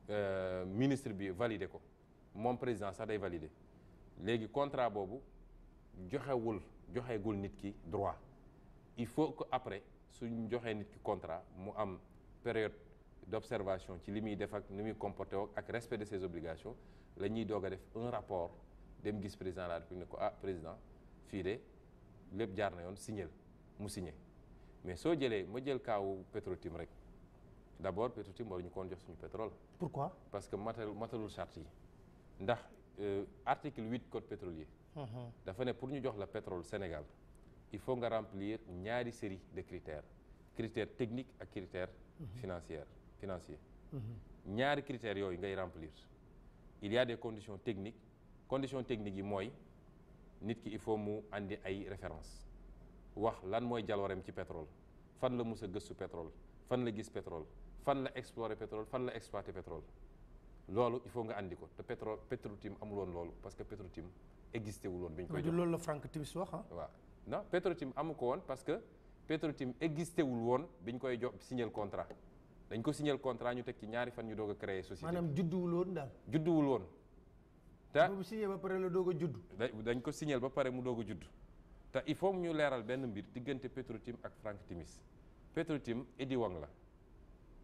euh, ministre bi validé ko mon président ça day validé Le contrat boobu joxewul joxegul nit ki droit il faut que après suñ joxé nit ki contrat mu am période d'observation ci limi def ak ni respect de ses obligations Nous doga un rapport dem gis président de la République ko ah président fii de lépp jaar na yoon signé mu signé mais so jélé mo jël kaw pétrotim pétrole rek d'abord, pétrotim petro ñu kon jox suñu pétrole. pourquoi parce que matal matalul charte yi ndax euh, article 8 code pétrolier. Mhm. dafa né pour ñu jox la pétrole Sénégal il faut nga remplir ñaari série de critères critères techniques et critères mhm. financiers financiers mhm. ñaari critères yoy ngay remplir il y a des conditions techniques. condition technique yi mooy nit ki il faut mu andi ay référence wax lan mooy jaloorem ci pétrole fan la mus a gëstu pétrole fan la gis pétrole fan la explorer pétrole fan la exploiter pétrole loolu il faut nga andi ko te pétrole petro amuloon amul woon loolu parce que Petro-Tim existé wul woon. bi ñu koy jox loolu la Frank Timis wax ah. waaw non petro amu ko woon parce que Petro-Tim existé wul woon bi ñu koy jox signal contrat dañ ko signal contrat ñu teg ci ñaari fan ñu doog a créer société. maanaam judduwul judduwul woon. ta bu signé ba pare la doog judd. dañ ko signé ba pare mu doog judd te il faut ñu léral ben mbir diggante tim ak Frank Timis tim Eddy Wang la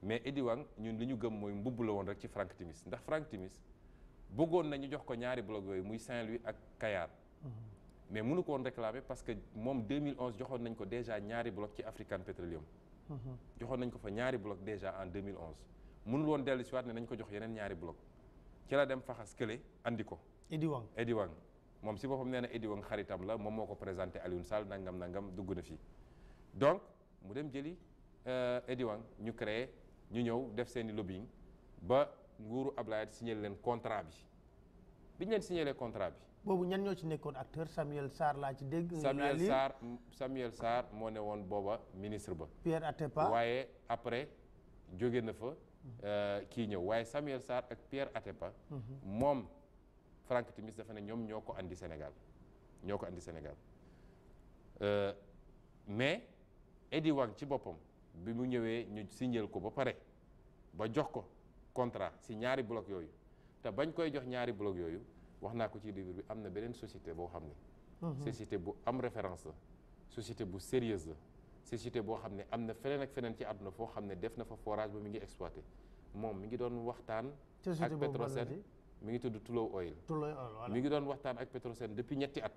mais Eddy Wang ñun li ñu gëm moy mbubbu la won rek ci Frank Timis ndax Frank Timis bëggoon nañu jox ko ñaari blog yoy muy Saint-Louis ak Kayar. Mhm. mais mënu ko won réclamer parce que mom 2011 joxon nañ ko déjà ñaari blog ci African Petroleum. Mhm. joxon nañ ko fa ñaari blog déjà en 2011 mënu won dellu ci wat ne nañ ko jox yenen ñaari blog ci la dem faxas kële andi ko. Edi Wang moom si boppam nee na Edi Wang xaritam la moom moo ko présenté Alioune Sall nangam nangam dugg na fii donc mu dem jëli euh, Edi Wang ñu créé ñu ñëw def seen i lobbying ba nguuru Ablaye signé leen contrat bi bi ñu leen signé contrat bi. boobu ñan ñoo ci nekkoon acteur Samuel Sarr laa ci dégg. Samuel Sarr Samuel Sarr moo ne woon booba ministre ba. Pierre Atepa waaye après jóge na fa. Euh, kii ñëw waaye Samuel Sarr ak Pierre Atepa moom Frank Timis dafa ne ñoom ñoo ko indi Sénégal ñoo ko andi Sénégal euh, mais Eddie Wang ci boppam bi mu ñëwee ñu signal ko ba pare ba jox ko contrat si ñaari bloc yooyu te bañ koy jox ñaari bloc yooyu wax naa ko ci livre bi am na beneen société boo xam ne mhm. société bu am référence la société bu sérieuse la société boo xam ne am na ak fenen ci aduna fo xamné def na fa forage ba mi ngi exploiter mom mi ngi don waxtaan ak Petrosen mi ngi tuddu tulo Oil mi ngi don waxtaan ak Petrosen depuis ñetti at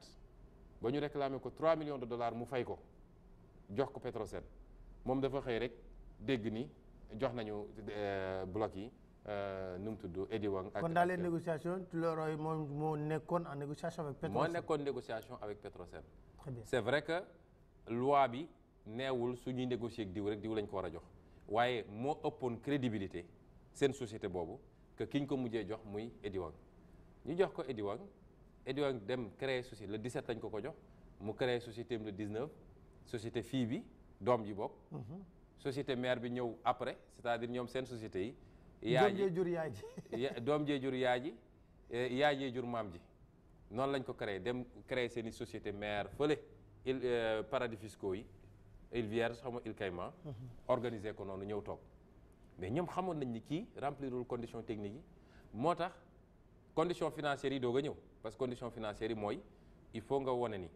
ba ñu réclamé ko 3 millions de dollars mu fay ko jox ko Petrosen mom dafa xey rek dégg ni jox nañu euh, bloc yi euh, num tuddu edi wang ak kon dans les négociations Tullow Oil mom mo nekkoon en négociation avec Petrosen mo nekkoon négociation avec Petrosen c'est vrai que loi bi neewul su ñuy négocier ak diw rek diw lañ ko war a jox waaye moo ëppoon crédibilité seen société boobu que ki ñu ko mujjee jox muy Eddie ñu jox ko Eddie Wang dem créer société le 17 lañ ko ko jox mu créer société am le 19 société fii bi doom ji bokk. Mhm. société maire bi ñëw après c'est-à-dire ñoom seen société yi. yaay ji doom jee jur yaay ji. doom jee jur yaay ji yaay jee jur maam ji noonu lañ ko créer dem créer seen i société maire fële il euh, paradis fiscaux yi. île Vierge xam nga ko noonu ñëw toog mais ñoom xamoon nañ ni kii remplirul condition technique yi moo tax condition financière yi doog a ñëw parce que condition financière yi mooy il faut nga wone ni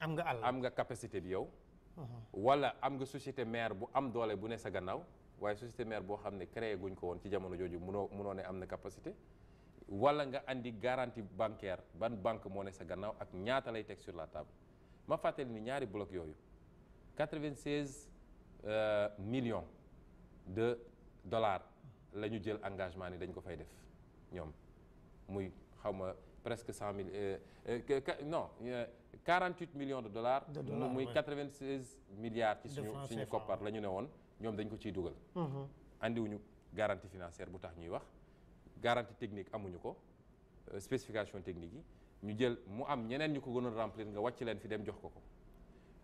am nga am nga capacité bi yow mhm. wala am nga société maire bu am doole bu ne sa gannaaw waaye société mère boo xam ne créé guñ ko woon ci jamono jooju munoo munoo ne am na capacité wala nga indi garantie bancaire ban banque moo ne sa gannaaw ak ñaata lay teg sur la table ma fàttali ni ñaari bloc yooyu 96 euh, millions de dollars la ñu jël engagement ni dañ ko fay def ñom muy presque 100 000 euh, euh, non 48 millions de dollars. Nous, muy 96 milliards. ci sont suñu par la ñu avons woon dañ ko ciy avons mm-hmm. wuñu garantie financière bu tax ñuy wax garantie technique amuñu ko spécification technique yi ñu jël mu am ñeneen ñu ko gënoon remplir nga wacc leen fi dem jox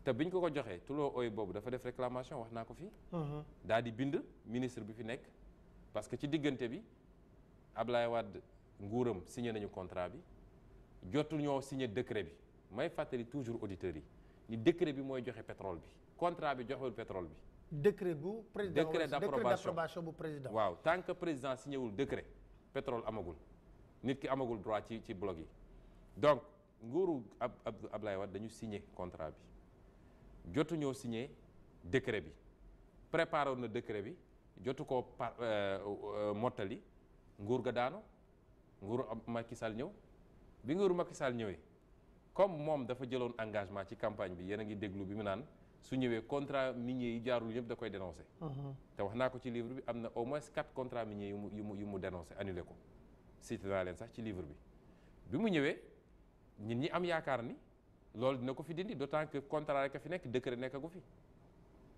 te biñ ko ko joxee tuloo ooy boobu dafa def réclamation wax naa ko fii. Uh-huh. daal di le ministre bi fi parce que ci diggante bi Ablaye Wade a signé nañu contrat bi jotul ñoo signé décret bi may toujours auditeur. Le décret bi le pétrole bi contrat bi le pétrole bi. décret bu président décret d'approbation du président. Wow. tant que président signé le décret pétrole amagul nit ki amagul droit ci ci blog. yi donc nguuru ab Ablaye Wad dañu signé contrat bi. jotuñoo signé décret bi préparé na décret bi jotu ko par euh, euh, mottali nguur ga daanu am Macky Sall ñëw bi nguuru Macky Sall ñëwee comme moom dafa jëloon engagement ci campagne bi yéen a ngi déglu bi mu naan su ñëwee contrat minier yi jaarul yëpp da koy dénoncé. Mhm. te wax naa ko ci livre bi am na au moins quatre contrats miniers yu mu yu mu yu mu dénoncé annulé ko cité naa leen sax ci livre bi bi mu ñëwee nit ñi am yaakaar ni. loolu dina ko fi dindi d'autant que contrat rek fi nek décret nekkagu fi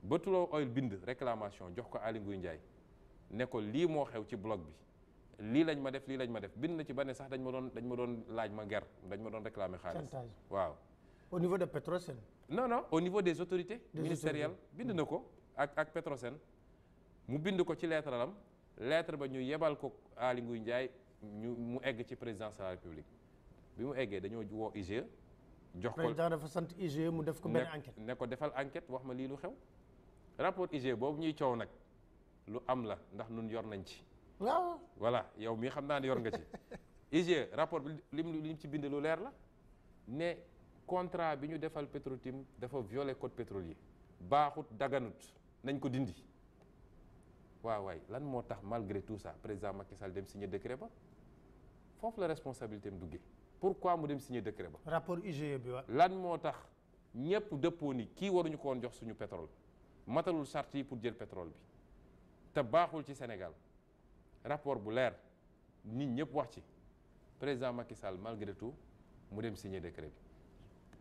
ba Oil bind réclamation jox ko ali Ngouille ndjay ne ko lii moo xew ci bloc bi li lañ ma def li lañ ma def bind na ci bané sax dañ ma don dañ ma don laaj ma ger dañ ma don réclamer xaalis waaw au niveau de Petrosen non non au niveau des autorités ministérielles bind nako ak ak Petrosen mu bind ko ci lettre lam lettre ba ñu yebal ko ali Ngouille ndjay ñu mu egg ci présidence de la République bi mu eggé dañoo woo IGE jox ko président dafa sant IGE mu def ko benn enquête ne ko defal enquête wax ma lii lu xew rapport IGE boobu ñuy coow nag lu am la ndax nun yor nañ ci waaw voilà yow mii xam naa ne yor nga ci IGE rapport bi lim li ci bind lu leer la ne contrat bi ñu defal Petro-Tim dafa violer code pétrolier baaxut daganut nañ ko dindi waaw waay lan moo tax malgré tout ça président Macky Sall dem signé décret ba foofu la responsabilité am duggee pourquoi mu dem signer décret ba. rapport IGE bi waaw. lan moo tax ñëpp dëppoo ni kii waruñu ko woon jox suñu pétrole matalul charte yi pour jël pétrole bi te baaxul ci Sénégal rapport bu leer nit ñëpp wax ci président Macky Sall malgré tout mu dem signer décret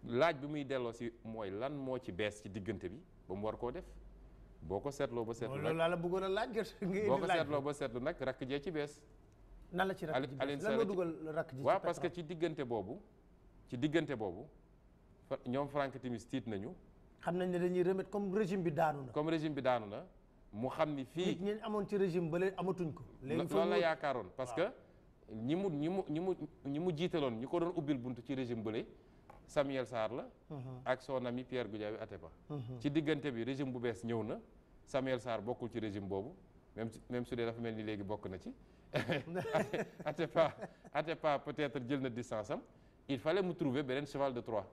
bi. laaj bi muy delloo si mooy lan moo ci bees ci diggante bi ba mu war koo def boo ko seetloo ba seetlu nag loolu laa la bëggoon a laaj boo ko seetloo ba seetlu nag rakk jee ci bees nan la ci rakk ji Alioune Sarr lan moo dugal rakk ji waaw parce que ci diggante boobu ci diggante boobu ñoom Frank Timis tiit nañu. xam nañ ne dañuy remettre comme régime bi daanu na. comme régime bi daanu na mu xam ni fii. nit ñi amoon ci régime ba amatuñ ko. léegi loolu la yaakaaroon parce que ñi mu ñi mu ñi mu ñi mu jiitaloon ñi ko doon ubbil bunt ci régime bële Samuel Sarr la. Mhm. ak son ami Pierre Goudiaby Atépa. Mhm. ci diggante bi régime bu bees ñëw na Samuel Sarr bokkul ci régime boobu même même su dee dafa mel ni léegi bokk na ci. Troyes. pas peut-être jël na distance il fallait mu trouver cheval de Troie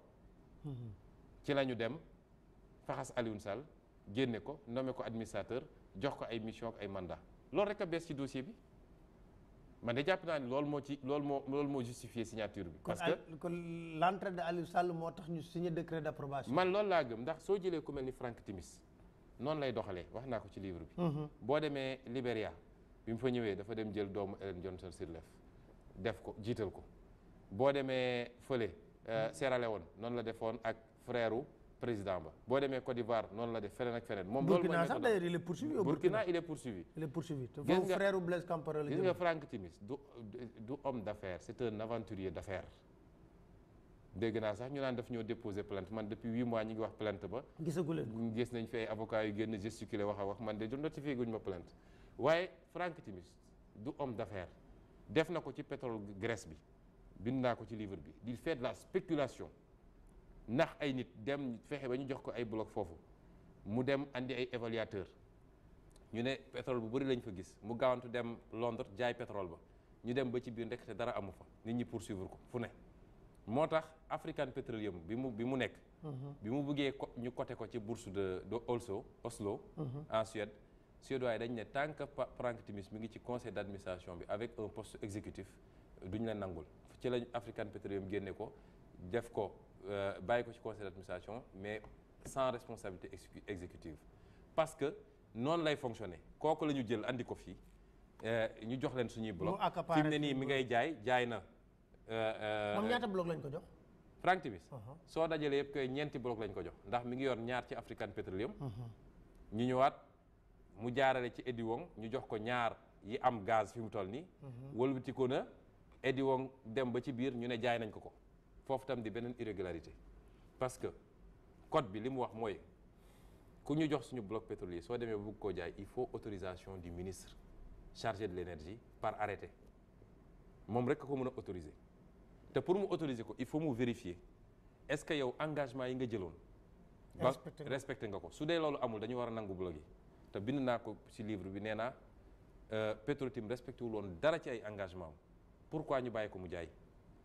ci la dem cheval Sall nommé ko administrateur jox ko ay mission ak ay mandat rek a ci dossier bi de signature bi. parce que l'entrée de Aliou Sall ñu signer décret d'approbation. man lool Troyes. gëm ndax Timis lay livre bi. Mhm bi fa ñëwé dafa dem jël doomu Ellen Johnson Sirleaf def ko jiital ko boo demee fële euh, Sierra Leone non la defoon ak frère président ba bo démé Côte d'Ivoire non la def feneen ak feneen. mom loolu Burkina sax d'ailleurs il est poursuivi. Burkina il est poursuivi. il est poursuivi te frères frère Blaise campara, le gis nga Frank Timis du du homme d'affaires c'est un aventurier d'affaires. dégg naa sax ñu naan daf ñoo déposer plainte man depuis huit mois ñu ngi wax plainte ba. gisagu leen gis nañ fi ay avocat yu génn gesticulé wax a wax man de du notifié guñ ma plainte. waaye Frank Timis du homme d'affaires def na ko ci pétrole Grèce bi bind naa ko ci livre bi di fait la spéculation ndax ay nit dem fexe ba ñu jox ko ay bloc foofu mu dem indi ay évaluateur ñu ne pétrole bu bëri lañ fa gis mu gaawantu dem Londres jaay pétrole ba ñu dem ba ci biir ndekk te dara amu fa nit ñi poursuivre ko fu ne moo tax African Petroleum bi mu bi mu nekk mhm. bi mu buggee ko ñu coté ko ci bourse de de Oslo Oslo mhm. en Suède suédois yi dañ ne tant que Franck Timis mi ngi ci bi avec un poste exécutif duñ leen nangul ci lañ African Petroleum génne ko def ko euh, bàyyi ko ci conseil d' administration mais sans responsabilité exécutive parce que noonu lay fonctionner kooku la ñu jël andi ko fii euh, ñu jox leen suñuy bloc fi mu ne nii mi ngay jaay jaay na. Euh, moom ñaata bloc lañ ko jox. Frank Timis uh-huh. soo dajalee yëpp koy ñeenti bloc lañ ko jox ndax mi ngi yor ñaar ci African Petroleum. Uh-huh. ñu ñëwaat. mu jaarale ci Eddy ñu jox ko ñaar yi am gaz fi mu toll nii. Mhm. wëlbatiku na Eddy dem ba ci biir ñu ne jaay nañ ko ko foofu tam di beneen irrégularité parce que code bi li mu wax mooy ku ñu jox suñu bloc pétrolier soo demee ba bëgg koo jaay il faut autorisation du ministre chargé de l'énergie par arrêté moom rek ko mën a autoriser te pour mu autoriser ko il faut mu vérifier est-ce que yow engagement yi nga jëloon. respecté nga ko su dee loolu amul dañu war a nangu yi. te bind naa ko ci livre bi nee naa euh, Petrotim respecté wul woon dara ci ay engagement am pourquoi ñu bàyyi ko mu jaay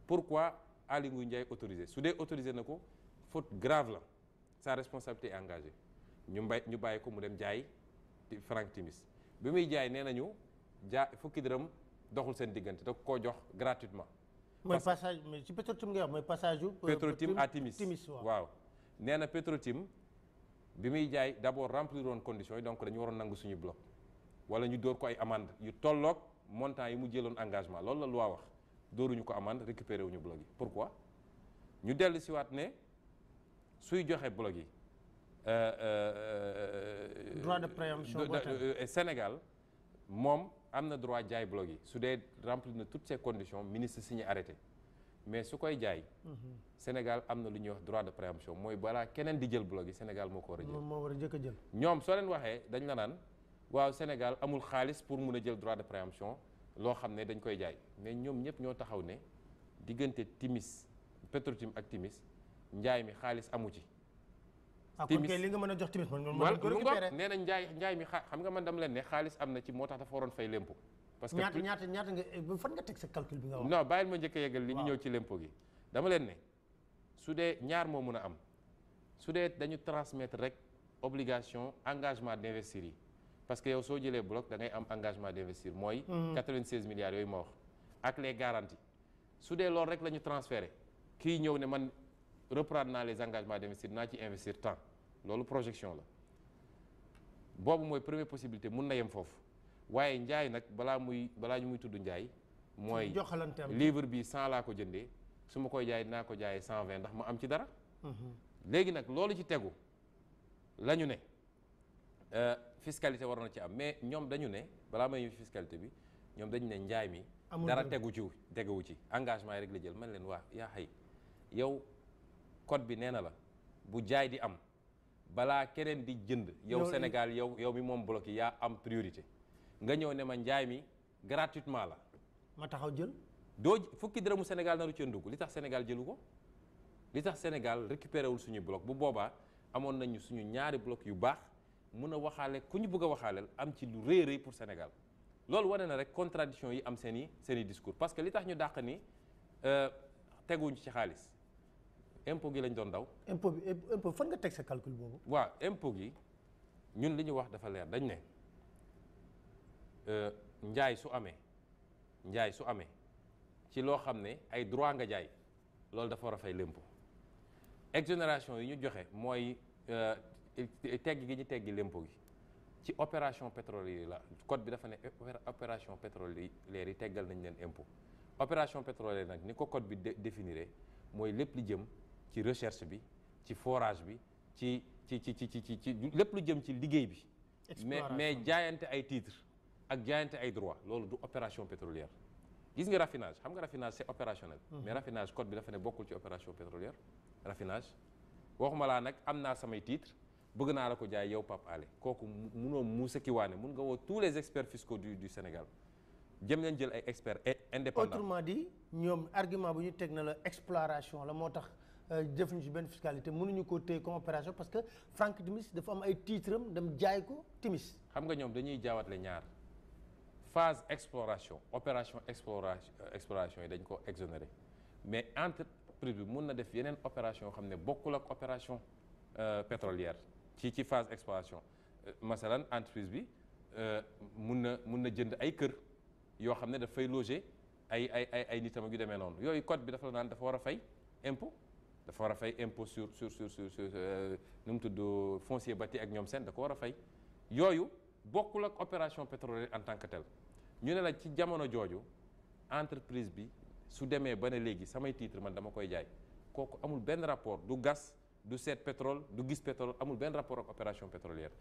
pourquoi Aly Ngouille Ndiaye autoriser su dee autorisé na ko faute grave la sa responsabilité est engagée ñu mbay ñu bàyyi ko mu dem jaay Frank Timis bi muy jaay nee nañu jaa fukki dërëm doxul seen diggante da koo jox gratuitement. mooy passage ci Petrotim nga wax mooy passage. Euh, Petrotim à Timis waaw nee na Petrotim. bi muy jaay d'abord remplir woon conditions yi donc dañu waroon nangu suñu bloc wala ñu dóor ko ay amende yu tolloog montant yi mu jëloon engagement lool la loi wax dóoruñu ko amende récupéré wuñu bloc yi pourquoi ñu dellu si waat ne suy joxe bloc yi. Euh, euh, euh, droit de préemption Sénégal moom am na droit jaay bloc yi su dee remplir na toutes ces conditions ministre signé arrêté. mais su koy jaay. Mhm. Sénégal am na lu ñuy wax droit de préemption mooy balaa keneen di jël bloc yi Sénégal moo ko war a jël. moo war a jëkk jël. ñoom soo leen waxee dañ la naan waaw Sénégal amul xaalis pour mun a jël droit de préemption loo xam ne dañ koy jaay mais ñoom ñëpp ñoo taxaw ne diggante Timis Petrotim ak Timis njaay mi xaalis amu ci. Ah, timis kon li nga mën a jox Timis man. man nee na njaay njaay mi xam nga man dama leen ne xaalis am na ci moo tax dafa waroon fay lempo. parce que ñaata ñaata ñaata nga eh, sa calcul non bàyyil moi dire a yeggal li ñu ñëw ci l'impôt gi dama leen ne su dee ñaar moo mën a am su dee dañu transmettre rek obligation engagement d'investir parce que yow soo jëlee bloc da ngay am engagement d'investir Moi, mhm. 96 milliards yooyu ma wax ak les garanties su dee loolu rek la transférer est venu ñëw man reprendre les engagements d'investir je ci investir C'est loolu projection la boobu mooy première possibilité mun na yem foofu. waaye njaay nag balaa muy balaa ñu muy tudd njaay mooy livre bi cent laa ko jëndee su ma koy jaay dinaa ko jaay cent vingt ndax ma am ci dara mhm. léegi nag loolu ci tegu la ñu ne euh, fiscalité war na ci am mais ñoom dañu ne balaa may ñu fiscalité bi ñoom dañu ne njaay mi dara tegu ci teguwu ci engagement yi rek la jël man leen waa yaa xëy yow code bi nee na la bu jaay di am balaa keneen di jënd yow Sénégal yow yow mi moom bloqué yaa am priorité nga ñëw ne ma njaay mi gratuitement la. ma taxaw jël. doo fukki dërëmu Sénégal naru cee dugg li tax Sénégal jëlu ko li tax Sénégal récupéré wul suñu bloc bu boobaa amoon nañu suñu ñaari bloc yu baax mun a waxaale ku ñu bëgg a waxaaleel am ci lu rëy rëy pour Sénégal loolu wane na rek contradiction yi am seen i seen i discours parce que li tax ñu dàq ni euh, teguñu ci xaalis impôt gi lañ doon daw. impôt bi impôt fan nga teg sa calcul boobu. waa impôt gi ñun li ñu wax dafa leer dañ ne. Euh, njaay su amé ndjay su amé ci lo xamné ay droit nga jaay loolu dafa war a fay lémpo exonération yi ñu joxé moy euh tegg gi ñu teggi lémpo gi ci opération pétrolière la code bi dafa né opération pétrolière yi teggal nañ leen impôt opération pétrolière nak ni ko code bi définiré moy lepp li jëm ci recherche bi ci forage bi ci ci ci ci ci ci lu jëm ci liggéey bi mais mais jaayante ay titres ak ait ay droit lors du opération pétrolière gis nga raffinage xam nga raffinage c'est opérationnel mhm. mais raffinage code bi dafa beaucoup de ci opération pétrolière raffinage waxuma laa nag am naa samay titre bëgg naa la ko jaay yow Pape Alé kooku munoo Moussa nga tous les experts fiscaux du du Sénégal jëm leen jël ay experts indépendants autrement dit nous argument bu ñu exploration la moo tax defuñu euh, ci fiscalité nous ko téye comme opération parce que Frank Timis dafa am ay titres am dem jaay ko Timis xam nga ñoom dañuy jaawatle ñaar phase exploration opération exploration euh, exploration yi dañ ko exonéré mais entreprise bi mun na def yeneen opération yoo xam ne bokkul opération euh, pétrolière ci ci phase exploration euh, masalan entreprise bi mun na mun na jënd ay kër yoo xam ne dafay loger ay ay ay ay nitam ak yu demee noonu yooyu code bi dafa la naan dafa war a fay impôt dafa war a fay impôt sur sur sur sur nu mu tudd foncier bâti ak ñoom seen da ko war a fay yooyu bokkul ak opération pétrolière en tant que tel ñu ne la ci jamono jooju entreprise bi su demee ba ne léegi samay titre man dama koy jaay kooku amul benn rapport du gas du pétrole du gis pétrole amul benn rapport ak opération pétrolière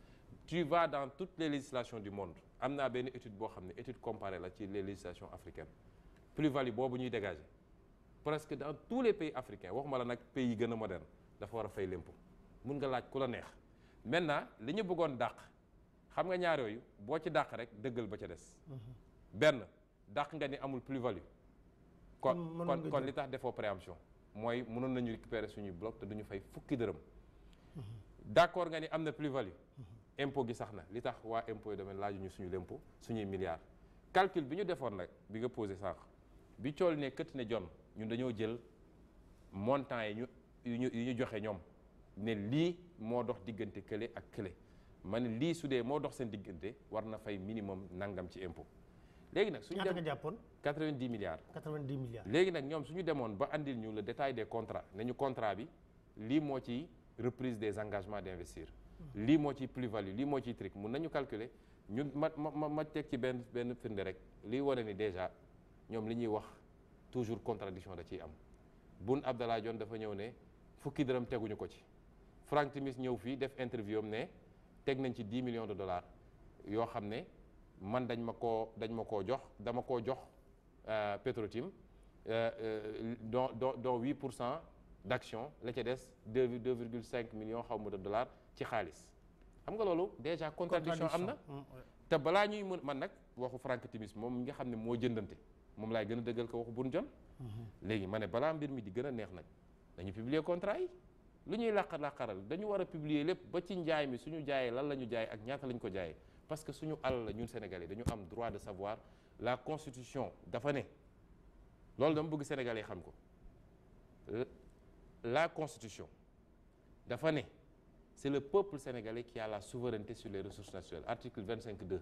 tu vas dans toutes les législations du monde am naa benn étude boo xam ne étude comparée la ci les législations africaines plus-value boobu ñuy dégager presque dans tous les pays africains waxuma la nag pays yi gën a moderne dafa war a fay l'impôt mun nga laaj ku la neex maintenant li ñu bëggoon dàq xam nga ñaar yooyu boo ci dàq rek dëggal ba ca des mm-hmm. benn dàq nga ni amul plus-value. kon kon kon li tax defoo préemption mooy mënoon nañu récupérer suñuy bloc te duñu fay fukki dërëm. Mhm. d'accord nga ni am na plus-value. Mhm. impôt gi sax na li tax waa impôt yi domaine ñu suñu l'impôt suñuy milliards. calcul bi ñu defoon nag bi nga posé sànq bi cool ne kët ne jon ñun dañoo jël montant yi ñu yu ñu joxe ñoom ne lii moo dox diggante kële ak kële ma ne lii su dee moo dox seen diggante war na fay minimum nangam ci impôt. léegi suñu 90 milliards 90 milliards léegi nag ñoom suñu demoon ba andil ñu le détail des contrats nañu contrat bi li mo ci reprise des engagements d'investir hmm. li mo ci plus-value li mo ci trick nous nañu calculer ñu ma ma ma ci ben ben firnde rek li wane ni déjà ñom li ñuy wax toujours contradiction da ci am Boun Abdallah Dionne dafa ñëw né fukki dërëm teguñu ko ci Frank Timis ñëw fi def interview am né teg nañ ci 10 millions de dollars yo xamné ne man dañ ma koo dañ ma koo jox dama koo jox euh, Petrotim euh, euh, dont dont dont huit pour cent d' action la ca des deux deux virgule cinq millions xaw ma de dollars ci xaalis xam nga loolu déjà contradiction am na mm, te balaa ñuy mën man nag waxu Frank Timis moom nga xam ne moo jëndante moom laay gën a dëggal ko waxu bun jon mhm. léegi ma ne balaa mbir mi di gën a neex nag dañu publier contrat yi lu ñuy làqar làqaral dañu war a publier lépp ba ci njaay mi suñu jaayee lan la ñu jaay ak ñaata lañ ko jaayee parce que si nous sommes Sénégalais, sénégalais avons le droit de savoir la constitution dafa sénégalais xam la constitution c'est le peuple sénégalais qui a la souveraineté sur les ressources naturelles article 25.2.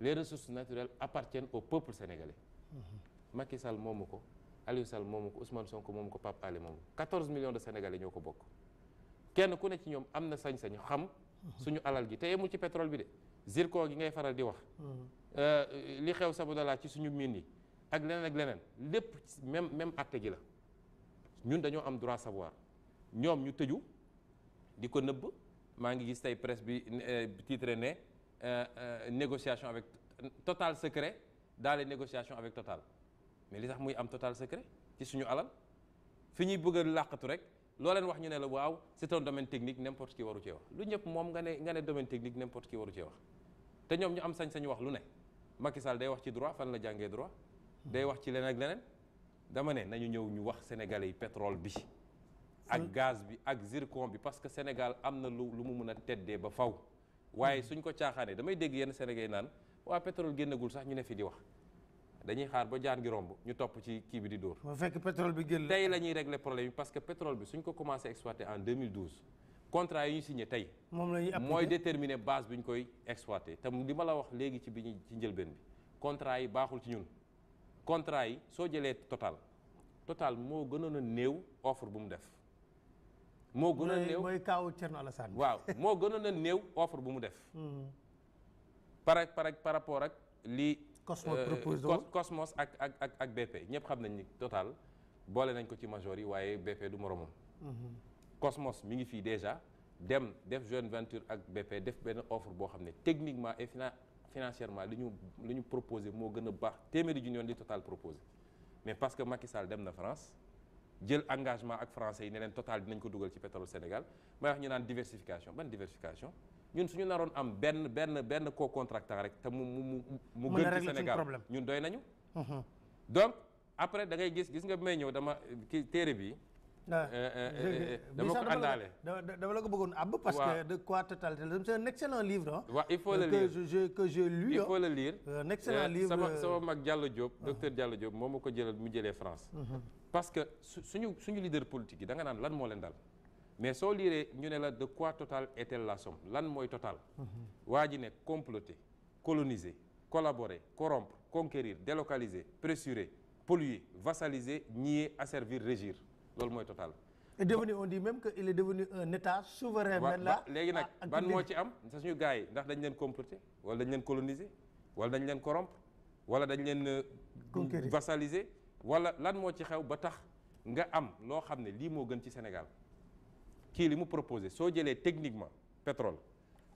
les ressources naturelles appartiennent au peuple sénégalais Macky Sall Aliou Sall Ousmane Sonko Pape 14 millions de sénégalais sont ko ne ci sañ suñu alal gi te ci pétrole bi gi ngay faral di wax hmm. euh, li xew ci même même acte gi la ñun am droit savoir ñom ñu teju presse euh, euh, négociation avec Total secret dans les négociations avec Total mais li am Total secret ci suñu alal fi loo leen wax ñu ne la waaw c'est un domaine technique n'importe ki waru cee wax lu ñëpp moom nga ne nga ne domaine technique n'importe qui waru cee wax te ñoom ñu am sañ-sañu wax lu ne Macky Sall day wax ci droit fan la jàngee droit day wax ci leneen ak leneen dama ne nañu ñëw ñu wax sénégalais yi pétrole bi ak gaz bi ak zircon bi parce que Sénégal am na lu lu mu mën a teddee ba faw waaye mm. suñ ko caaxaanee damay dégg yenn sénégalais naan waa pétrole génnagul sax ñu ne fi di wax dañuy xaar ba jaan gi romb ñu topp ci kii bi di dóor. bu fekk pétrole bi gën tey la ñuy régler problème bi parce que pétrole bi suñ ko commencé exploiter en 2012 yi ñu signé tey. moom la ñuy mooy déterminer base bu ñu koy exploiter te li ma la wax léegi ci bi ñu ci njëlbeen bi contrat yi baaxul ci ñun contrat yi soo jëlee total total moo gënoon a néew offre bu mu def. moo gën a néew mooy kaawu Thierno Alassane waaw moo gënoon a néew offre bu mu def. Hmm. par par par rapport ak li. Cosmos euh, proposé Cosmos ak ak ak ak BP Nous xam nañ ni total boole nañ ko ci major yi BP du moromam. Mhm. Cosmos mi ngi fii déjà dem def jeune venture ak BP def une offre boo xam techniquement et financièrement li nous li ñu proposé moo gën a baax total proposé mais parce que Macky Sall dem na France. jël engagement ak français yi ne un total de ko dugal ci pétrole Sénégal may wax ñu diversification ban diversification ñun suñu naroon am benn benn benn co-contractant rek te mu mu mu mu gën ci Sénégal ñun doy nañu mhm. donc après da ngay gis gis nga bi may ñëw dama kii téere bi ah. euh, euh, euh, dama ko àndaale dama la ko bëggoon àbb parce que de quoi totalitarianisme c'est un excellent livre waaw mu jëlee France mhm. parce que suñu suñu leader politique yi da nga naan lan moo leen dal mais soo liiree ñu ne la de quoi Total est-elle la somme lan mooy Total mhm. waa ji comploter coloniser collaborer corrompre conquérir délocaliser pressurer polluer vassaliser nier asservir régir loolu mooy Total est devenu on dit même qu'il est devenu un état souverain maintenant léegi nag ban moo ci am ça c'est une yi ndax dañ leen comploter wala dañ leen coloniser wala dañ leen corrompre wala dañ leen euh, vassaliser wala lan moi ci xew ba tax nga am l'or, xam ne lii gën ci Sénégal kii li mu proposé soo jëlee techniquement pétrole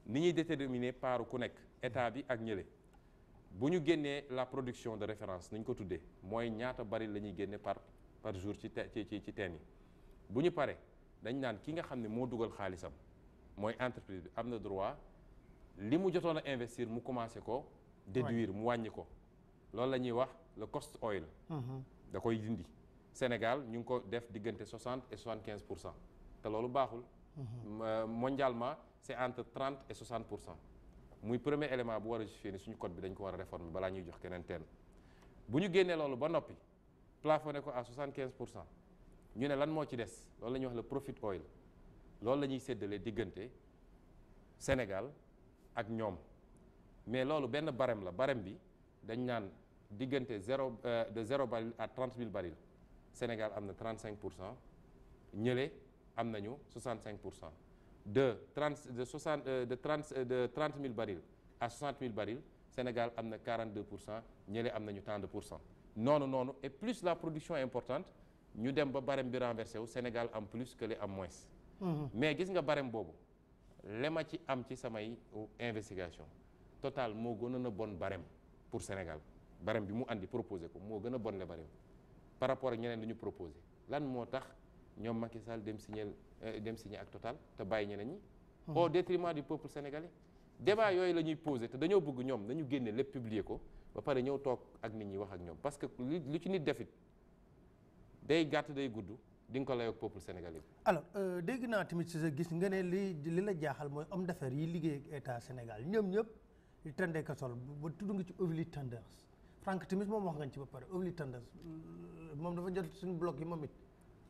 ni ñuy déterminer paaru ku nekk état bi ak ñële bu ñu la production de référence nañ ko tuddee mooy ñaata bari la ñuy génne par par jour ci ci ci ci teen yi bu ñu paree dañ naan ki nga xam ne moo dugal xaalisam entreprise bi droit li mu jotoon investir mu commencé ko déduire mu wàññi ko loolu la ñuy wax le cost oil mm-hmm. da koy dindi Sénégal ñu ngi ko def diggante soixante et soixante te loolu baaxul. Mhm. mondialement c' est entre trente et soixante pour cent muy premier élément bu war a justifier suñu code bi dañ ko war a réformer balaa ñuy jox keneen teen bu ñu génnee loolu ba noppi plafonné ko à soixante quinze pour cent ñu ne lan moo ci des loolu la ñuy wax le profit oil loolu la ñuy séddalee diggante Sénégal ak ñoom mais loolu benn barème la barème bi dañ naan diggante zéro euh, de zéro baril à trente mille baril Sénégal am na trente cinq pour cent ñële. 65 de 30 de 60 euh, de 30 000 euh, barils à 60 000 barils Sénégal a 42 pour a 32% non non non et plus la production est importante nous dem ba barème bi renversé au Sénégal en plus que les am moins. Hum. mais gis nga barème boobu li ma ci am ci euh, investigation total moo gënoon bon barème pour Sénégal barème bi mu andi proposé ko moo le barème par rapport à ñeneen nous ñu proposé lan moo ñoom Macky Sall dem signé euh, dem signé ak Total te bàyyi ñeneen ñi. au détriment du peuple sénégalais. débat yooyu la ñuy posé te dañoo bëgg ñoom nañu génne lépp publier ko ba pare ñëw toog ak nit ñi wax ak ñoom parce que lu ci nit defit day gàtt day gudd di nga ko layoog peuple sénégalais bi. alors euh, dégg naa tamit si sa gis nga ne li li la jaaxal mooy homme d'affaires yi liggéey ak état Sénégal ñoom ñëpp li tendee ka sol ba tudd nga ci Ovily Tenders Frank Timis moom wax nga ci ba pare Ovily Tenders euh, moom dafa jot suñu blog yi moom it.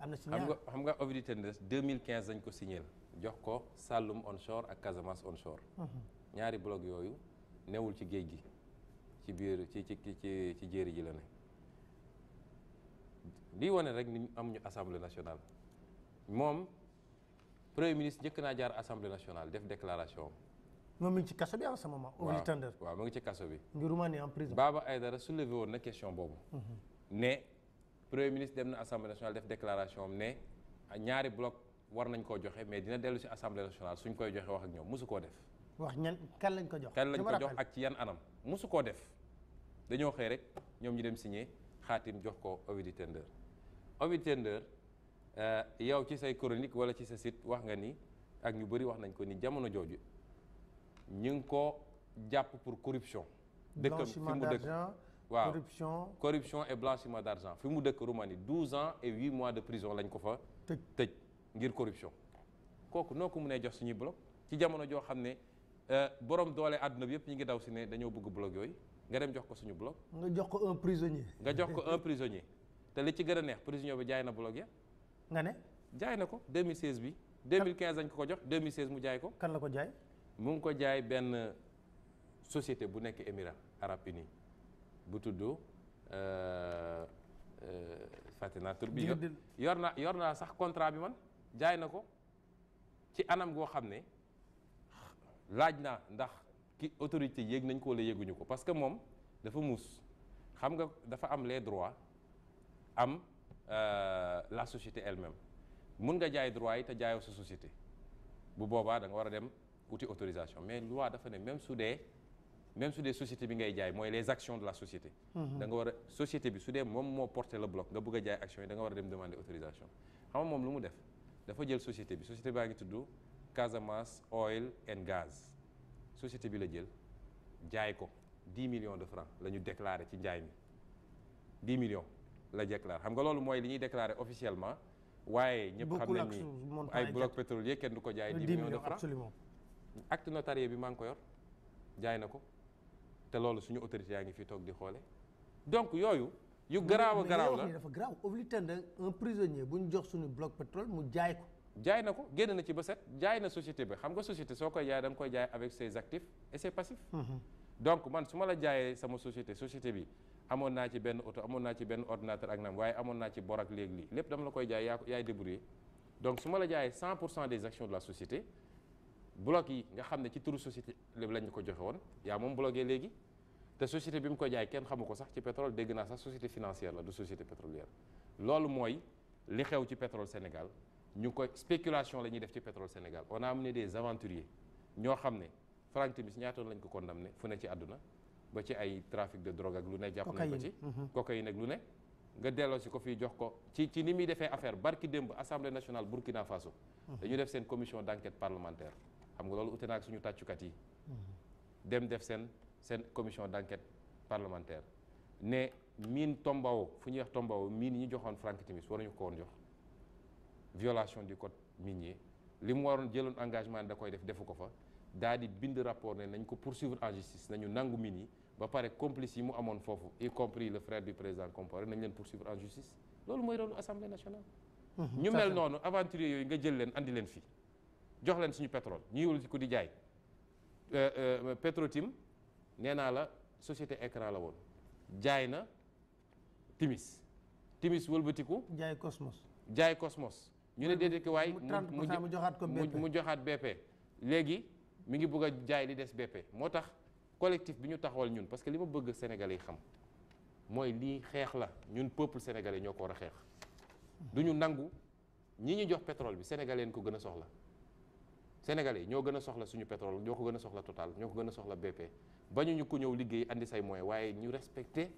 am na si xam nga Ovidie Tendès 2015 dañ ko signé jox ko Saloum onshore ak Casamance onshore. Mhm. ñaari bloc yooyu newul ci géej gi ci biir ci ci ci ci jéeri ji la ne. lii wane rek ni amuñu assemblée nationale moom premier ministre njëkk naa jaar assemblée nationale def déclaration. moom mi ci kaso bi en ce moment. mu ngi ci kaso bi. ngir Roumanie en prison. Baba Aïdara soulevé woon na question boobu. Mhm. ne. premier ministre dem na assemblée nationale def déclaration am ne ñaari bloc war nañ koo joxe mais dina dellu si assemblée nationale suñ koy joxe wax ak ñoom mosu koo def. wax ñan kan lañ ko jox. kan lañ ko jox ak ci yan anam mosu koo def dañoo xëy rek ñoom ñu dem signé xaatim jox ko Ovidi Tender Ovidi Tender euh, yow ci say chronique wala ci sa site wax nga ni ak ñu bëri wax nañ ko ni jamono jooju ñu ngi ko jàpp pour corruption. dëkkam fi mu dëkk corruption corruption et blanchiment d'argent fi mu dëkk Roumanie 12 ans et 8 mois de prison lañ ko fa. tëj tëj ngir corruption. kooku noo ko mënee jox suñuy bloc ci jamono joo xam ne euh, borom doole àdduna bi yëpp ñu ngi daw si ne dañoo bëgg blog. yooyu nga dem jox ko suñu bloc. nga jox ko un prisonnier. nga jox ko un prisonnier te li ci gën neex prisonnier bi jaay na bloc ya. nga ne. jaay na ko 2016 bi. 2015 dañ ko ko jox 2016 mu jaay ko. kan la ko jaay. mu ngi ko jaay benn société bu nekk Émirats arabes bu tudd euh, euh, fàtte naa tur bi yor naa yor naa sax contrat bi man jaay na ko ci anam goo xam ne laaj na ndax ki autorité yéeg nañ ko wala yéeguñu ko parce que moom dafa muus xam nga dafa am les droits am euh, la société elle-même mun nga jaay droit yi te jaayoo sa société bu boobaa da nga war a dem wuti autorisation mais loi dafa ne même su dee même su des sociétés bi ngay jaay mooy les actions de la société. Mhm. da nga war société bi su mom moom moo porté le bloc nga bëgg jaay action yi da nga wara dem demander autorisation xam mom lu mu def da fa jël société bi société baa ngi tudd Casamance Oil and Gaz société bi la jël jaay ko 10 millions de francs lañu déclarer ci jaay mi 10 millions la déclarer xam nga lolu moy li ñuy déclaré officiellement waye ñepp xam nañ ni ay bloc pétrolier kenn du ko jaay. 10 millions de francs acte notarié bi maa ngi ko yor jaay nako telolo loolu suñu autorité yaa ngi fi toog di xoole donc yooyu yu garaaw a garaaw la dafa garaaw Ovidiu Tendeng un prisonnier bu ñu jox suñu bloc pétrole mu jaay ko jaay na ko génn na ci ba jaay na société ba xam nga société soko koy jaay da koy jaay avec ses actifs et ses passifs mhm. donc man suma ma la jaayee sama société société bi Amon na ci benn oto amoon naa ci benn ordinateur ak naam waaye amoon naa ci bor ak léegi lii lépp dama la koy jaay yaay débrouillé donc suma la jaayee 100 des actions de la société blog yi nga xamné ci turu société lañ ko joxe woon yaa moom blogué léegi te société bimu ko jaay kenn xamuko sax ci pétrole dégg naa sax société financière la du société pétrolière loolu moy li xew ci pétrole Sénégal ñu ko spéculation la def ci pétrole Sénégal on a amené des aventuriers ño xamné ne Frank Timis ñaatoon lañ ko condamné fu ne ci aduna ba ci ay trafic de drogue ak lu né japp nañ ko ci mhm. cocaïne ak lu né nga delloo si ko fi jox ko ci ci ni mi défé affaire barki démb assemblée nationale Burkina Faso mhm. dañu def sen commission d'enquête parlementaire xam nga loolu ute na ak suñu tàccukat yi mm-hmm. dem def seen seen commission d'enquête parlementaire ne miin tombaw fu ñu wax tombaw miin yi ñu joxoon Frank Timis waruñu ko woon jox violation du code minier li mu waroon jëloon engagement da koy def defu ko fa daal di bind rapport ne nañ ko poursuivre en justice nañu nangu miin yi ba pare complice yi mu amoon foofu y compris le frère du président Compaoré nañ leen poursuivre en justice loolu mooy rôle assemblée nationale mm-hmm. ñu mel yooyu nga jël leen andi leen jox len suñu pétrole ñu yóbbu ko di jaay euh, euh pétrotim néna la société écran la won jaay na Timis Timis wëlbatiku. jaay Cosmos. jaay Cosmos. ñu dédé déedéet way mu joxat ko BP mu joxat BP légui mi ngi bëgg jaay li des BP motax collectif bi ñu taxawal ñun parce que li bëgg Sénégalais yi xam moy li la ñun peuple sénégalais ñoko wara duñu nangu ñi ñu jox pétrole bi sénégalais ko gëna soxla. Sénégalais ñoo gën a soxla suñu pétrole ñoo ko gën a soxla Total ñoo ko gën a soxla BP bañuñu ku ñëw liggéey andi say moyens waaye ñu respecter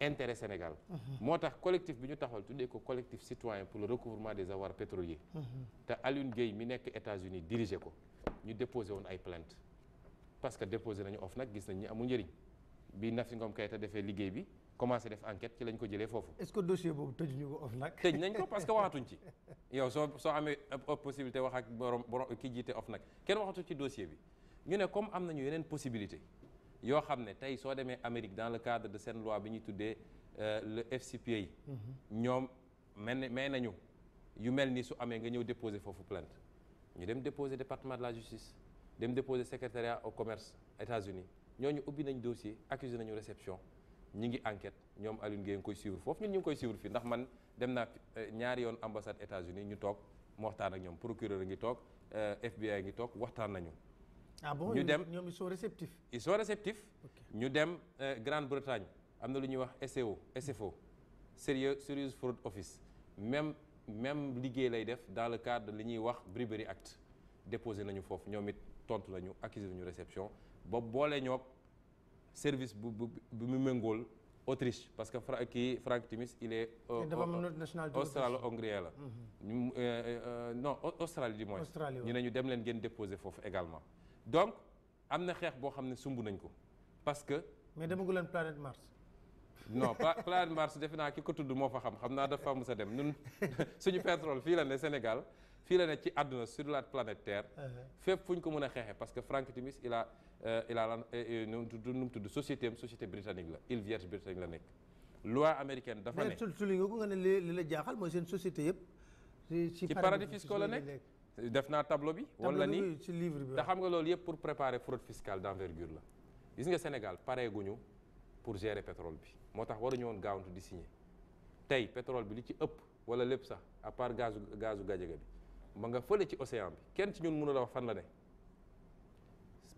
intérêt Sénégal. Mhm. moo tax collectif bi ñu taxawal tuddee ko collectif citoyen pour le recouvrement des avoirs pétroliers. Mhm. te Alioune Gueye mi nekk États-Unis diriger ko ñu déposé woon ay plainte parce que déposé nañu off nag gis nañ amu njariñ njëriñ bi Nafi Ngom Keïta defee liggéey bi. commencé des enquêtes qui l'ont ko jëlee foofu. est-ce que le dossier boobu tëj ñu ko OFNAC. tëj nañ ko parce que waxatuñ ci yow soo soo amee possibilité wax ak borom borom ki jiite OFNAC kenn waxatu ci dossier bi ñu ne comme am nañu yeneen possibilité yoo xam ne tey soo demee Amérique dans le cadre de cette loi bi ñuy tuddee euh, le FCPA. Mm-hmm. ñoom mel may nañu yu mel ni su amee nga ñëw déposer foofu plainte ñu dem déposer département de la justice dem déposer secrétariat au commerce États-Unis ñooñu ubbi nañ dossier accusé nañu réception. ñi ngi enquête ñoom Alioune Gueye nga koy suivre foofu ñun ñu ngi koy suivre fii ndax man dem naa euh, ñaari yoon ambassade États-Unis ñu toog mu waxtaan ak ñoom procureur ngi toog euh, FBI ngi toog waxtaan nañu. ah bon ñu dem ñoom ils sont réceptifs. ils sont réceptifs. ñu dem euh, Grande-Bretagne am na lu ñuy wax SEO SFO Serious Serious Fraud Office même même liggéey lay def dans le cadre li ñuy wax Bribery Act déposé nañu foofu ñoom it tontu nañu accusé nañu reception ba boole ñoog. service bu Autriche parce que Timis il est. Euh, mhm. euh, euh, non Australie du moins. ñu dem déposer également. donc amna xex parce que. mais planète Mars. non planète Mars ki ko tudd fa xam dafa dem ñun suñu pétrole Sénégal fii la ne ci àdduna sur la planète Terre. Ah fépp fu ko mën parce que Frank Timis il a euh, il a euh, euh, nu mu tudd nu mu tudd société am société britannique la île britannique la loi américaine dafa ne mais tulli nga ko nga ne li la société qui ci paradis fiscal la nekk Defna tableau bi. wala ni ci livre bi xam nga loolu yëpp pour préparer fraude fiscale d'envergure là. gis nga Sénégal pareeguñu pour gérer pétrole bi moo wala waruñu woon gaawantu di signer tey pétrole bi li ci ëpp wala lépp sax à part ou gazu Gadiaga bi ma nga fële ci océan bi kenn ci ñun mënu la wax fan la né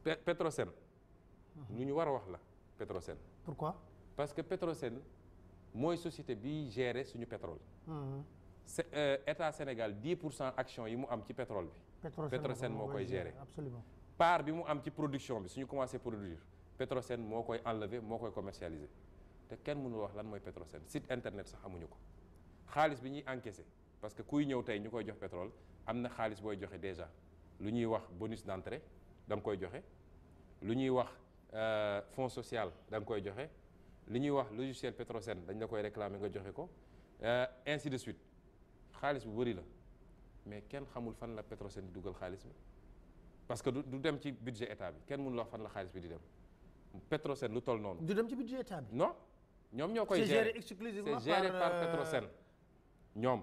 Petrosen hmm. lu ñu wara wax la Petrosen pourquoi parce que Petrosen moy société bi géré suñu pétrole c'est hmm. euh, état Sénégal 10 action yi mu am ci pétrole bi Petrosen mo koy gérer absolument part bi mu am ci production bi suñu commencé produire Petrosen mo koy enlever mo koy commercialiser té kenn mënu wax lan moy Petrosen site internet sax amuñu ko xaliss bi ñi encaissé parce que kuy ñëw tey ñu koy jox pétrole am na xaalis booy joxe déjà lu ñuy wax bonus d'entrée da koy joxe lu ñuy wax euh, fonds social da nga koy joxe li ñuy wax logiciel Petrosen dañ la koy réclamer nga joxe ko euh, ainsi de suite xaalis bu bëri la mais kenn xamul fan la Petrosen di dugal xaalis bi parce que du dem ci budget état bi kenn mënul wax fan la xaalis bi di dem Petrosen lu toll noonu. du dem ci budget état bi. non ñoom ñoo koy. gérer c'est géré exclusivement euh, ñoom.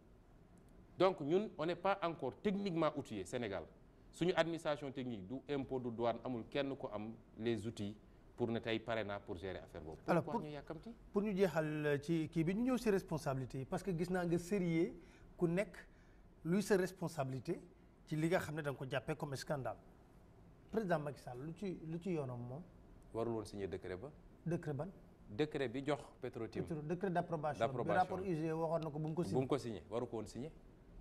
donc ñun on n'est pas encore techniquement outillé Sénégal suñu administration technique du impôt du douane amul kenn ko am les outils pour ne tey pare pour gérer affaire alors pour ñu yàkkamti pour ñu jeexal euh, ci kii bi ñu ñëw si responsabilité parce que gis naa nga sérieux ku nekk luy sa responsabilité ci li nga xam da nga ko comme scandale président Macky Sall lu ci lu ci yoonam moom. warul woon signer décret ba. décret ban. décret bi jox Petro Tim. décret d'approbation. approbation bi rapport UG e waxoon na ko bu mu ko signé waru ko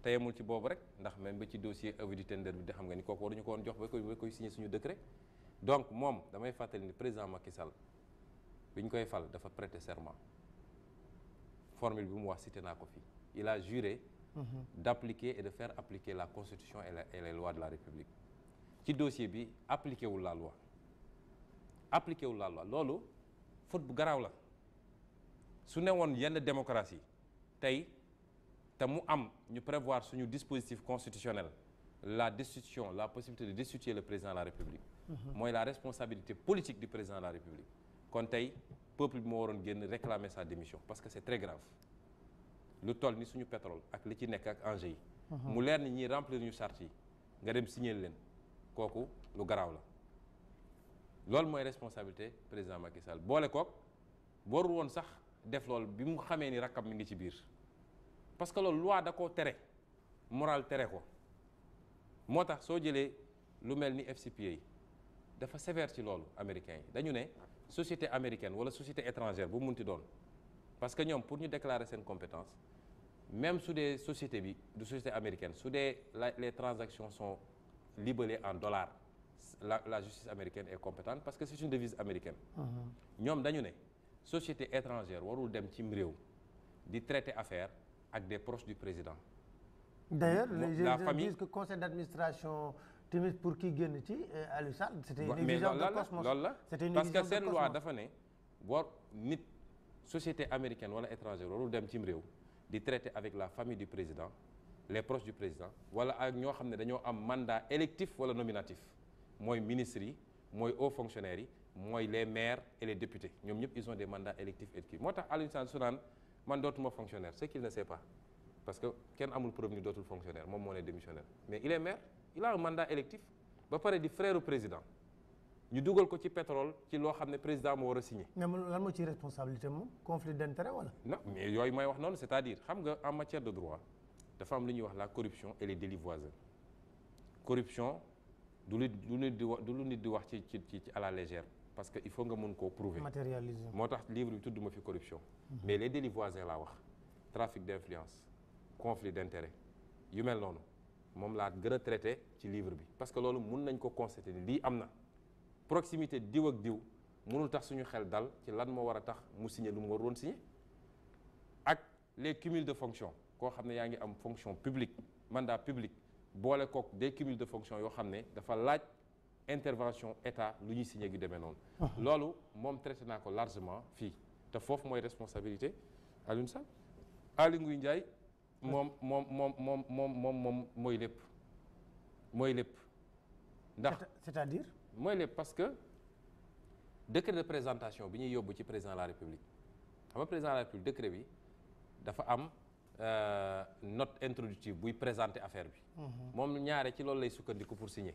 teyamul ci bobu rek ndax même ba ci dossier avis du tender bi di xam nga ni kooku waruñu ko woon jox ba koy ba koy signé suñu décret donc mom damay fàttali ni président Macky Sall bi koy fal dafa prêter serment formule bi mu wax cité na ko fi il a juré mhm. d'appliquer et de faire appliquer la constitution et les lois de la république ci dossier bi appliquer wul la loi appliquer wul la loi lolu faute bu graw la su ne yenn démocratie tay nous prévoir sur ñu dispositif constitutionnel la la possibilité de destituer le président de la république c'est mhm. la responsabilité politique du président de la république quand il peuple bi moo réclamer sa démission parce que c'est très grave Le toll ni suñu pétrole avec li ci nekk ak enjeu mhm. ni remplir ñu charte yi signer la responsabilité du responsabilité président Macky Sall République. kook warul woon sax def loolu bi mu ni parce que la loi est terre, tere moral morale ko moo tax soo lu ni FCPA de dafa sévère ci les américains société américaine la société étrangère bu montez parce que nous, pour nous déclarer cette compétence même sous des sociétés bi américaine les transactions sont libellées en dollars la justice américaine est compétente parce que c'est une devise américaine Nous, uh-huh. dañu ne société étrangère warul dem di traiter affaires, avec des proches du président. d'ailleurs les gens famille... disent conseil d'administration pour qui il ci euh, c'était une exigence de cosmos parce que cette loi dafa société américaine ou étrangère, warul dem traiter avec la famille du président les proches du président wala ak ñoo mandat électif ou nominatif Moi, ministre, moi, haut fonctionnaire, moi, les maires et les députés ils ont des mandats électifs et qui. Moi, tax Aliou Sall man dootuma fonctionnaire ce qu'il ne sait pas parce que quel amul preuve ni d'autres fonctionnaire Moi, je suis démissionnaire mais il est maire il a un mandat électif ba parler du frère au président ñu dugal ko ci pétrole ci loo que président moo signer. a signé. mais lan est ci responsabilité un conflit d'intérêt wala. non mais il may wax non, c'est-à-dire xam en matière de droit dafa am lu la corruption et les délits voisins corruption du lu lu nit à la légère parce que il faut nga mun koo prouver matérialiser moo livre bi de fi corruption mhm. mais les délits voisins laa wax trafic d'influence conflit d'intérêt yu mel noonu moom laa gën a traité ci livre bi parce que loolu mun nañ ko constater ni lii proximité diw ak diw mënul tax suñu xel dal ci lan moo war tax mu signé lu mu war woon signé ak les cumuls de fonctions. koo xam ne yaa am fonction publique mandat public boole kook des cumuls de fonctions, yoo xam ne dafa laaj intervention état lu ñuy signé gi demee non ah. lolu mom traité naa largement fi te foofu moy responsabilité Alioune Sall Aly Ngouille Ndiaye moom mom mom mom mom moom moom moy lépp mooy lépp. ndax c'est-à-dire. moy lépp parce que décret de présentation bi ñuy yóbbu ci président de la république xam nga président de la république décret bi dafa am euh, note introductive buy présenter affaire bi. mom mm-hmm. ñaare ci lolu lay sukkandiku pour signer.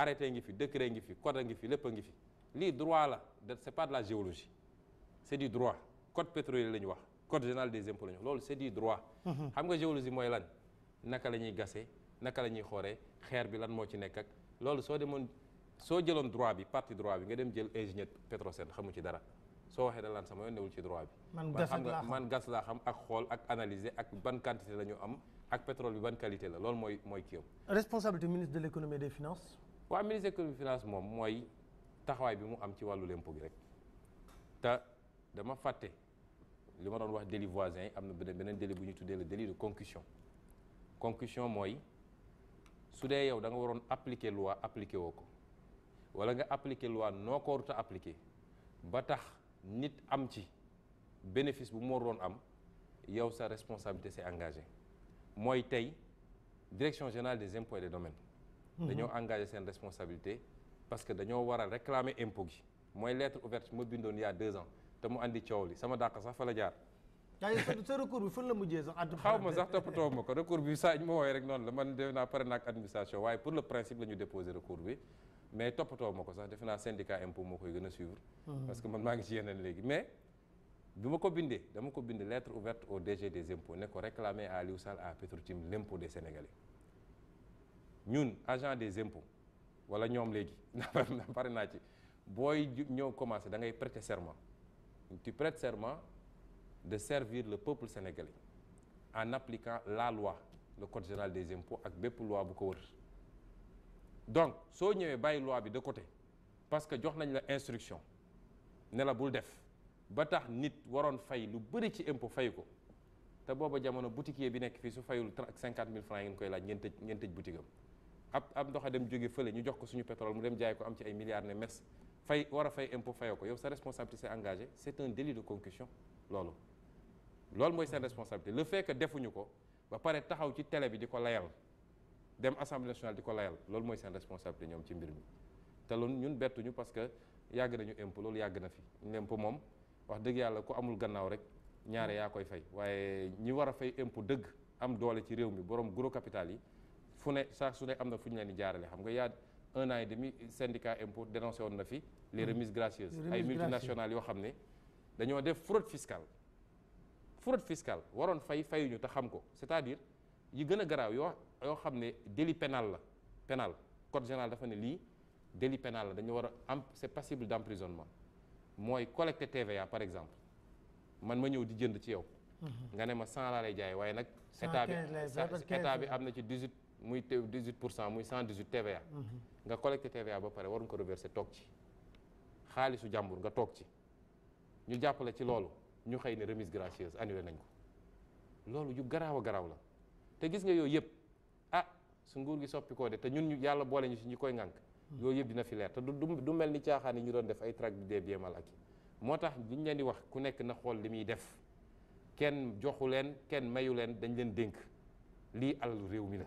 Arrêtez ngi fi décret ngi code ngi droit c'est pas de la géologie c'est du droit code pétrolier le code général des impôts c'est du droit mhm. xam nga géologie moy lan naka lañuy naka la bi ci ak droit bi partie droit bi nga dem ingénieur ci dara droit bi man la xam ak analyser ak ban quantité ak pétrole bi ban qualité la responsabilité ministre de l'économie et des finances waa ministre des finances moom mooy taxawaay bi mu am ci wàllu lempo gi rek te dama fàtte li ma doon wax délit voisin yi am na beneen beneen délit bu ñu tuddee le délit de concussion concussion mooy su dee yow da nga waroon appliquer loi appliquer woo ko wala nga appliquer loi noo ko warut a appliquer ba tax nit am ci bénéfice bu mu waroon am yow sa responsabilité s'est engagée mooy tey direction générale des impôts et des domaines dañoo mhm. engagé seen responsabilité parce que dañoo war a réclamer impôt gi mooy lettre ouverte ma bindoon il y a deux ans te mu andi coow sama dàq sax fa la jaar yaa sa recours bi fan la mujjee sax. xaw ma sax toppatoo ma ko recours bi saa ma rek noonu la man defe naa pare naag administration waaye pour le principe la ñu déposé recours bi mais toppatoo ma ko sax defe naa syndicat impôt moo koy gën a suivre. Mhm. parce que man maa ngi ci yeneen léegi mais. bi ma ko bindee dama ko bind lettre ouverte au DG des impôts ne ko réclamer à Liou Sall à Petrotim l'impôt des Sénégalais ñun agents des impôts voilà nous sommes les. naa ci booy ñëw commencé da ngay prêter serment tu prêtes serment de servir le peuple sénégalais en appliquant la loi le code général des impôts ak la loi bu ko wër donc soo ñëwee loi bi de côté parce que jox nañ la instruction avons la boule def ba tax nit waron fay lu bëri ci impôt fay ko té bobu jamono boutiquier bi nek fi su fayul cinquante mille francs ngi koy laaj ngeen tëj boutique ab ab ndoxa dem jóge fële ñu jox ko suñu pétrole mu dem jaay ko am ci ay milliards ne mes fay war a fay impôt fayoo ko yow sa responsabilité c'est engagé c'est un délit de concussion loolu loolu mooy seen responsabilité le fekk que defuñu ko ba pare taxaw ci télé bi di ko layal dem assemblée nationale di ko layal loolu mooy seen responsabilité ñoom ci mbir mi te loolu ñun bettuñu parce que yàgg nañu impo loolu yàgg na fi impôt moom wax dëgg yàlla ku amul gannaaw rek ñaare yaa koy fay waaye ñi war a fay impôt dëgg am doole ci réew mi borom gros capital yi fune ne saa amna ne am na fu ñu jaarale xam nga yaa un an et demi syndicat impôt dénoncé woon na fi les mm. remises gracieuses ay multinationales yo xam ne dañoo def fraude fiscale fraude fiscale waron fay fayuñu te xam ko c'est-à-dire yi gën a yo yoo délit pénal la pénal code général dafa ne li délit pénal la dañu war a c'est passible d'emprisonnement mooy collecter TVA par exemple man ma ñëw di jënd ci yow mm-hmm. nga né ma 100 la lay jaay waye nak état bi état bi amna ci 18 muy te 18 pour cent muy cent 118 TVA. Mhm. nga collecté TVA ba pare waruñ ko reversé toog ci xaalisu jàmbur nga toog ci ñu jàppale ci loolu ñu xëy ne remise gracieuse annulé nañ ko loolu yu garaaw garaaw la te gis nga yooyu yëpp ah su nguur gi soppi koo de te ñun ñu yàlla boole ñu si ñu koy ŋànk mhm. yooyu yëpp dina fi leer te du du mel ni caaxaan yi ñu doon def ay trac des biens mal acquis moo tax liñ leen di wax ku nekk na xool li muy def kenn joxu leen kenn mayu leen dañ leen dénk lii alalu réew mi la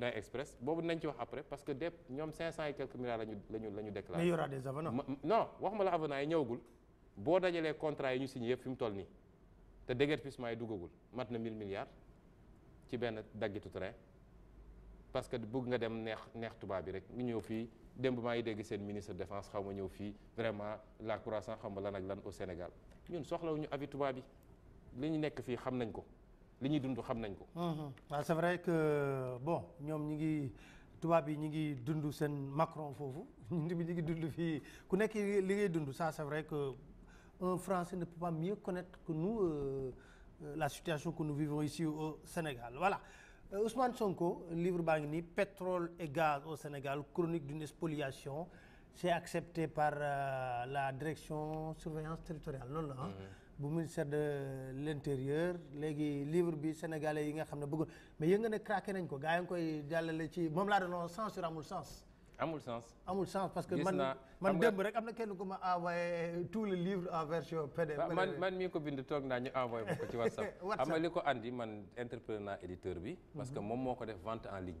train express Bobu nañ ci wax après parce que de ñom 500 et quelques milliards lañu lañu lañu déclarer. la ñu mais y aura des avenants. non wax ma la avenants yi Bo dajalé contrat yi ñu signé yëpp fi mu toll nii te déguerpissement yi duggagul mat na 1000 milliards ci benn daggitu train parce que bëgg nga dem neex neex tubaab bi rek ñu ñew fi démb maa ngi dégg seen ministre défense xaw ma ñëw fii vraiment la croissance xaw ma lan ak lan au Sénégal ñun soxlawuñu avis tubaab bi li ñu nekk fi xam nañ ko. Mhm. c'est vrai que bon nous Macron c'est vrai que un Français ne peut pas mieux connaître que nous euh, euh, la situation que nous vivons ici au Sénégal voilà. Euh, Ousmane Sonko livre pétrole et gaz au Sénégal chronique d'une spoliation c'est accepté par la direction surveillance territoriale Non hein. non. Mhm. bu ministère de euh, l' intérieur léegi livre bi sénégalais yi nga xam ne bëggoon mais yënga ne craqué nañ ko gaa yi nga koy jàllale ci moom laa doon censure amul sens. amul sens amul sens parce que man man démb rek am na kenn ku ma envoyé tout le livre en version PDF. man mii ko bind toog naa ñu envoyé ma ko ci WhatsApp. WhatsApp xam nga ko andi man entrepreneur éditeur bi. parce que mhm. moom moo ko def vente en ligne.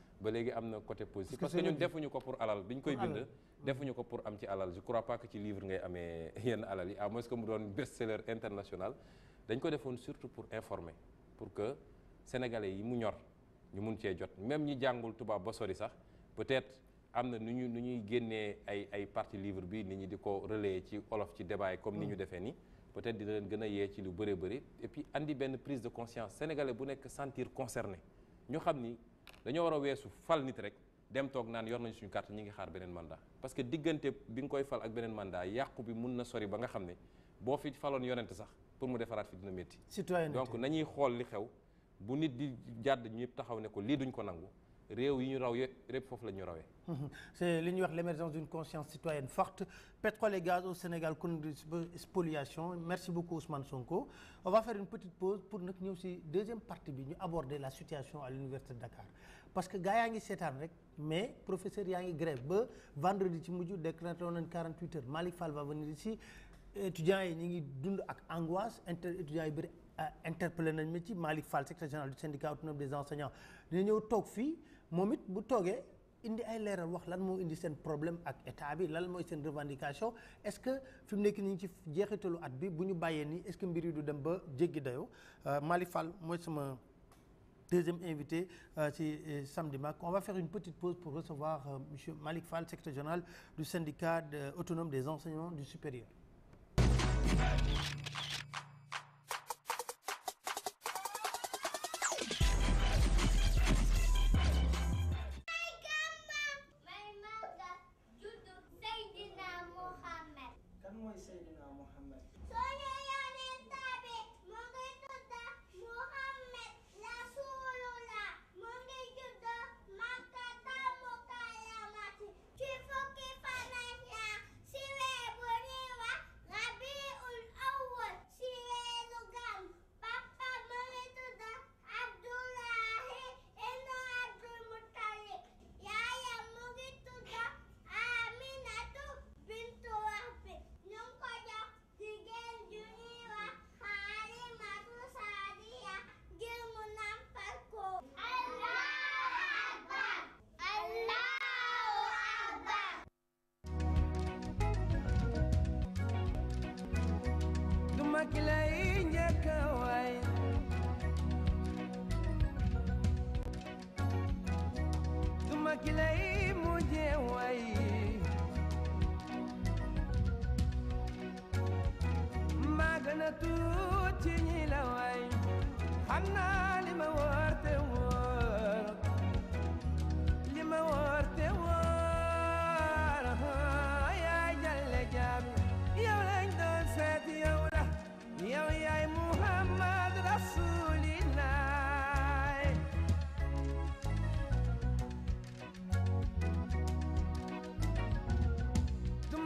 ba léegi am côté positif parce que ñun defuñu ko pour alal biñ koy bind defuñu ko pour am ci alal je crois pas que ci livre ngay amé yenn alal yi à moins que mu doon best-seller international dañ ko defoon surtout pour informer pour que sénégalais yi mu ñor ñu mën ci jot même ñi jangul tuba ba sori sax peut-être amna nu ñu nu ñuy génnee ay ay parti livre bi nit ñi di ko relayer ci olof ci débat comme ni ñu mm. défé ni peut-être dina leen gën a ci lu bëree bëri et puis andi ben prise de conscience sénégalais bu nek sentir concerné ñu xamni dañoo war a weesu fal nit rek dem toog naan yor nañ suñu carte ñu ngi xaar beneen mandat parce que diggante bi nga koy fal ak beneen mandat yàqu bi mun na sori ba nga xam ne boo fi faloon yonent sax pour mu defaraat fi dina métti donc nañuy xool li xew bu nit di jàdd ñëpp taxaw ne ko lii duñ ko nangu Mhm. c'est li l'émergence d'une conscience citoyenne forte pétrole et gaz au Sénégal une spoliation merci beaucoup Ousmane Sonko on va faire une petite pause pour nous deuxième partie bi aborder la situation à l'université de Dakar parce que gars est cette année, rek mais professeur yaa grève vendredi ci mujj décrété 48 heures Malik Fall va venir ici étudiants yi ñu ngi dund ak angoisse inter étudiants yi euh, interpellé nañ ma ci Fall secrétaire général du syndicat autonome des enseignants Nous avons toog momit bu toogee indi ay leeral wax lan mo indi sen problème ak état bi lan moy sen revendication est-ce que fim nek nekk ci jeexitalu at bi buñu bayé est-ce que mbir yi du dem ba jéggi dayo euh, Mali Fall moy sama deuxième invité euh, ci euh, samedi matin. on va faire une petite pause pour recevoir monsieur malik Fall secrétaire général du syndicat autonome des enseignants du supérieur.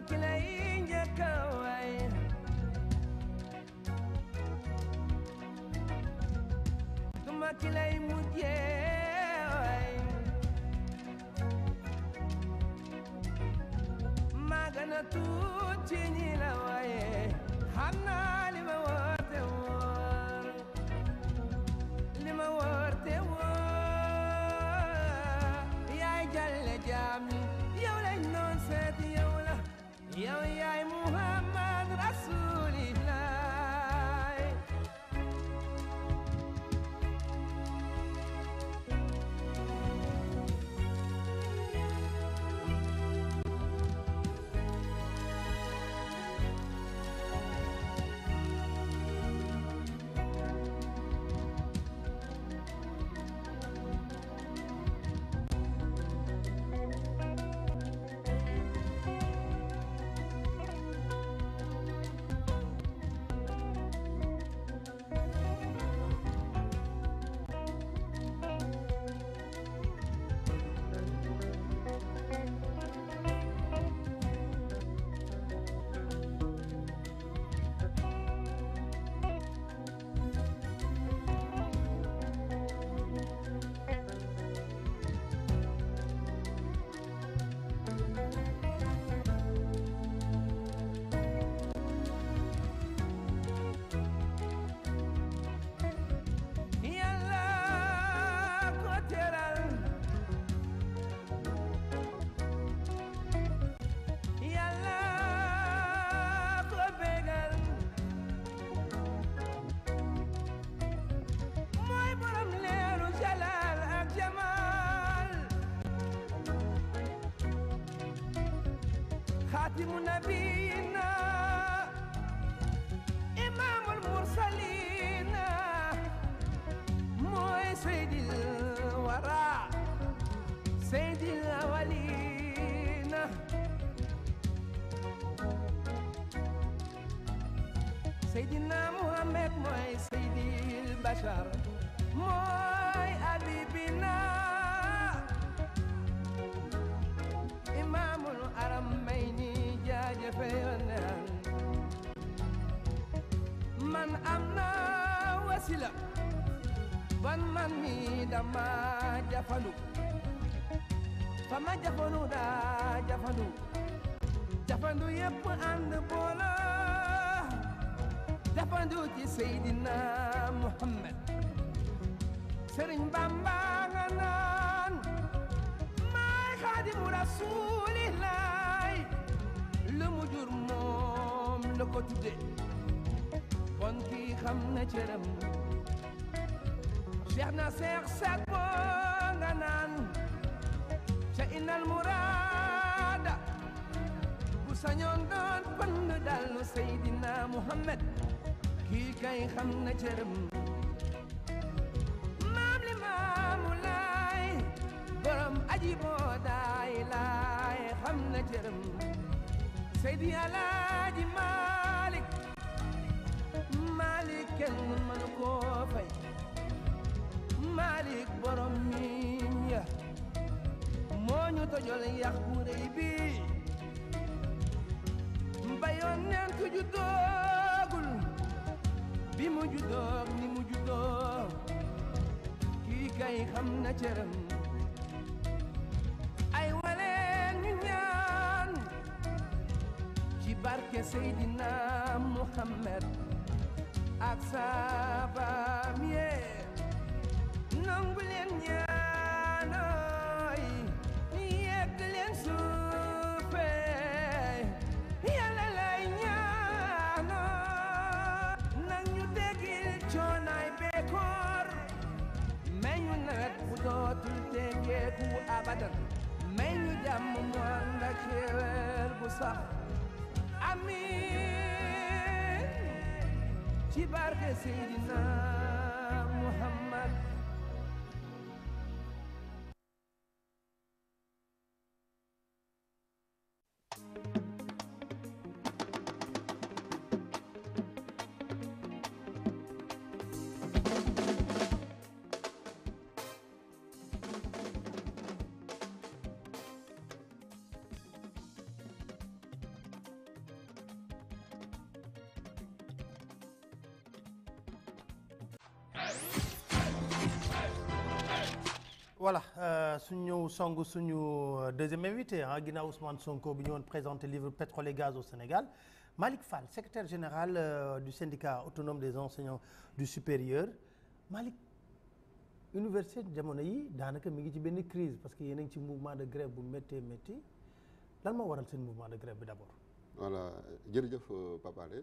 it. خاتم نبينا إمام المرسلين موي سيد الورى سيد الأولين سيدنا محمد موي سيد البشر موي جفنوا فما جفنوا دا جفنوا جفنوا يب عند بولا جفنوا تي سيدنا محمد سرين بامبانان ما خادم رسول الله لمجر موم لكو تدي بونكي خمنا جرم شيخنا سيخ سد Muhammad kii kay xam na cëram maam li maamu laay borom aji boda daay ham xam na cëram ala di Malik Malik kenn mënu koo Malik borom miim ya moo ñu tojol yax bu rëy bi bayoon neen bi mu juddoo ni mu juddoo kii kay xam na cëram ay wale ñu ñaan ci barke Seydina Muhammad ak saabaam yee nangu leen ñaan fekku abadan may ñu jàmm mu ànd ak bu sax amiin ci barke Seydina Muhammad voilà euh, suñu sango suñu euh, deuxième invité hein, Ousmane Sonko bi présente présenter livre pétrole et gaz au Sénégal Malik Fall secrétaire général euh, du syndicat autonome des enseignants du supérieur Malik, université de yi il mi ngi ci crise parce qu'il y a un mouvement de grève bu mettez mettez. lan moo waral mouvement de grève d'abord. voilà jërëjëf pas parler.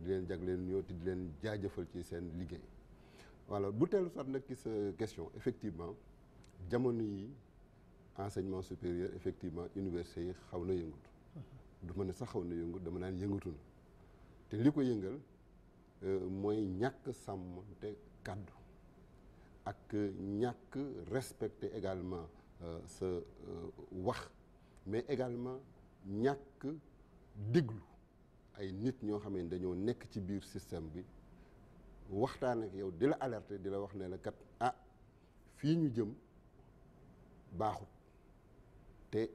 dilen leen jagleen nuyoo te ci sen liguey voilà bu telu soit nag ci sa question effectivement jamono yi enseignement supérieur effectivement université yi xaw na yëngatu du ma ne sax xaw na dama naan yëngatu na liko li ko yëngal euh, mooy ñàkk sàmmante kàddu ak ñak respecter également ce euh, euh, wax mais également ñak déglu ay nit ñoo xam ne dañoo nekk ci biir système bi waxtaan ak yow di la alerter di la wax ne la kat ah fii ñu jëm baaxut te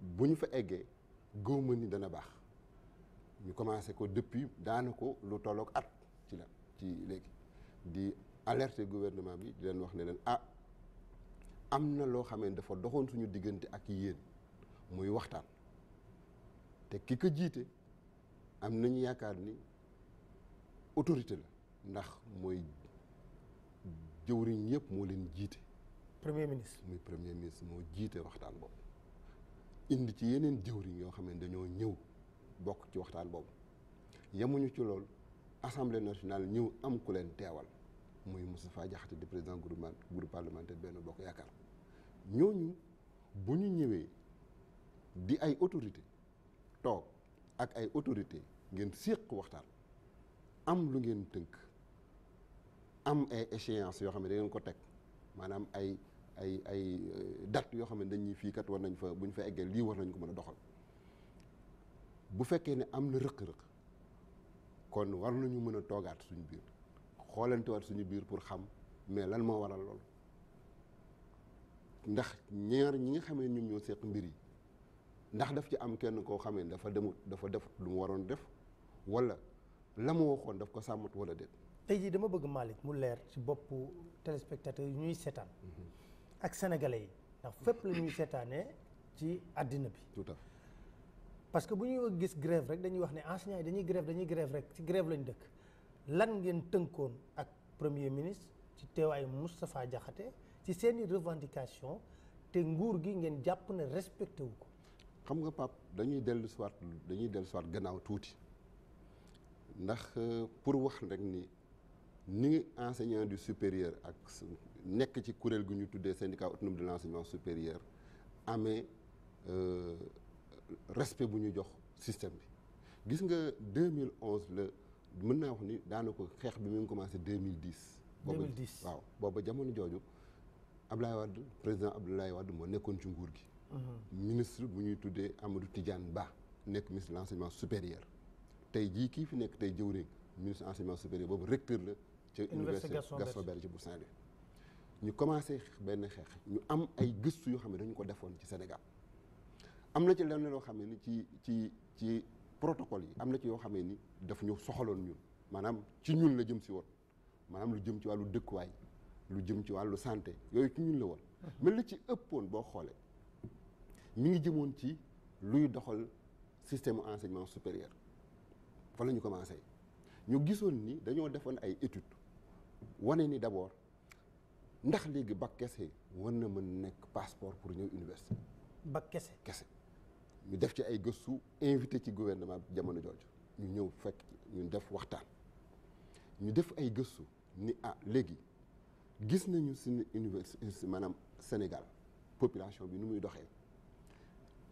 bu ñu fa eggee gëwma ni dana baax ñu commencé ko depuis daana ko lu tollook at ci la ci léegi di alerte gouvernement bi di leen wax ne leen ah am na loo xamee dafa doxoon suñu diggante ak yéen muy waxtaan te ki ko jiite am nañu yaakaar ni autorité la ndax mooy jëwriñ yëpp moo leen jiite. premier ministre muy premier moo jiite waxtaan boobu indi ci yeneen jëwriñ yoo xam ne dañoo ñëw bokk ci waxtaan boobu yemuñu ci loolu assemblée nationale ñëw am ku leen teewal muy Moustapha Diakhaté di président groupement groupe parlementaire benn Bokk Yaakaar ñooñu bu ñu ñëwee di ay autorité toog ak ay autorité ngeen séq waxtaan am lu ngeen tënk am ay échéance yoo xam ne da ngeen ko teg maanaam ay ay ay euh, date yoo xam ne dañuy fii kat war nañ fa bu ñu fa eggee lii war nañ ko mën a doxal bu fekkee ne am na rëq-rëq kon war ñu mën a toogaat suñu biir xoolantewaat suñu biir pour xam mais lan moo waral lool ndax ñaar ñi nga xam ne ñoom ñoo seq mbir yi ndax daf ci am kenn koo xamee ne dafa demut dafa def lu mu waroon def wala la waxoon daf ko sàmmat wala déet. tey jii dama bëgg Malick mu leer ci boppu téléspectateur yi ñuy seetaan. Mhm. ak sénégalais yi ndax fépp la ñuy seetaanee ci àddina bi. tout parce que bu ñuy gis grève rek dañuy wax ne enseignants dañuy grève dañuy grève rek ci grève lañ dëkk lan ngeen tënkoon ak premier ministre ci teewaayu Moustapha Diakhaté ci seeni revendication te nguur gi ngeen jàpp ne respecté wu ko. xam nga pap dañuy dellu siwaat dañuy dellu siwaat gannaaw tuuti ndax euh, pour wax rek ni ni enseignant du supérieur ak nekk ci kuréel gu ñu tuddee syndicat autonome de l'enseignement supérieur amee euh, respect bu ñu jox système bi gis nga 2011 la mën naa wax ni daana ko xeex bi mu ngi commencé 2010 boobu waaw booba jamono jooju Abdoulaye Wade président Abdoulaye Wade moo nekkoon ci nguur gi ministre bu ñuy tuddee Amadou Tidiane Ba nek ministre de l' enseignement supérieur tey jii kii fi nekk tey jëwriñ ministre enseignement supérieur bobu recteur la ca université Gaston Berger bu Saint-Louis ñu commencé ben xex ñu am ay gëstu yo xamné dañ ko defoon ci Sénégal amna ci lén lo xamné ni ci ci ci protocole yi amna ci yo xamné ni daf ñu soxalon ñun manam ci ñun la jëm ci woon manam lu jëm ci wàllu dëkkuwaay lu jëm ci walu santé yoy ci ñun la woon hum. mais li ci ëppoon bo xolé nous avons le système d'enseignement supérieur Nous avons commencé ñu ni avons fait des études ni d'abord ndax bac passeport pour ñeu université. bac kese kese. ñu def ci ay invité ci gouvernement jamono jooju ñu ñeu fekk ñu def waxtaan ñu def ay ni ah légui gis nañu sun université Sénégal population bi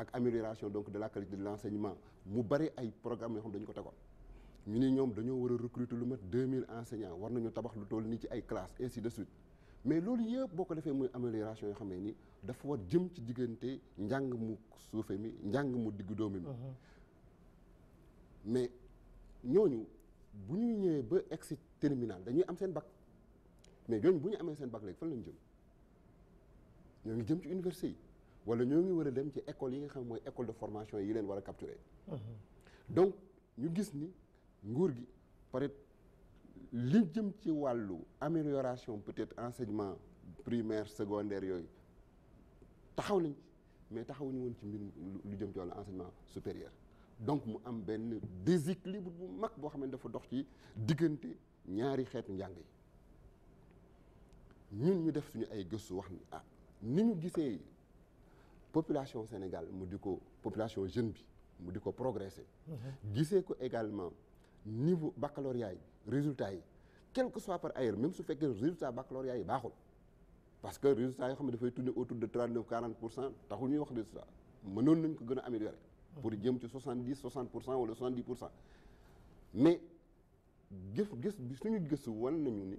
ak amélioration donc de la qualité de l'enseignement mu bari ay programme yoo xam dañu ko tegoon ñu ni ñoom dañoo war recruter lu mat 2000 enseignants war nañu tabax lu toll nii ci ay classes ainsi de suite mais loolu yëpp boo ko defee amélioration yoo xam ne ni dafa war jëm ci diggante njàng mu suufe mi njàng mu diggu doomi uh-huh. mais ñooñu bu ñu ñëwee ba exit terminal dañuy am seen bac mais ñooñu bu ñu amee seen bac léegi fan lañu jëm ñoo jëm ci université wala ñoo ngi dem ci école yi nga école de formation yi leen capturer mhm. donc ñu gis ni nguur gi peut-être li jëm ci wàllu amélioration peut-être enseignement primaire secondaire yooyu taxaw nañ mais taxawuñu woon ci mbir lu jëm ci enseignement supérieur donc mu am benn déséquilibre bu mag boo xam ne dafa dox ci diggante ñaari xeetu Nous, ñun ñu def suñu ay gëstu wax ni ah, population Sénégal la population jeune bi mu di progresser gisee ko également niveau baccalauréat le résultat quel que soit par ailleurs même si le résultat baccalauréat yi baxul parce que résultat est autour de 30 40 taxul ñuy wax résultat améliorer pour jëm ci 70 60 ou 70 mais gis gis suñu gëstu won nañu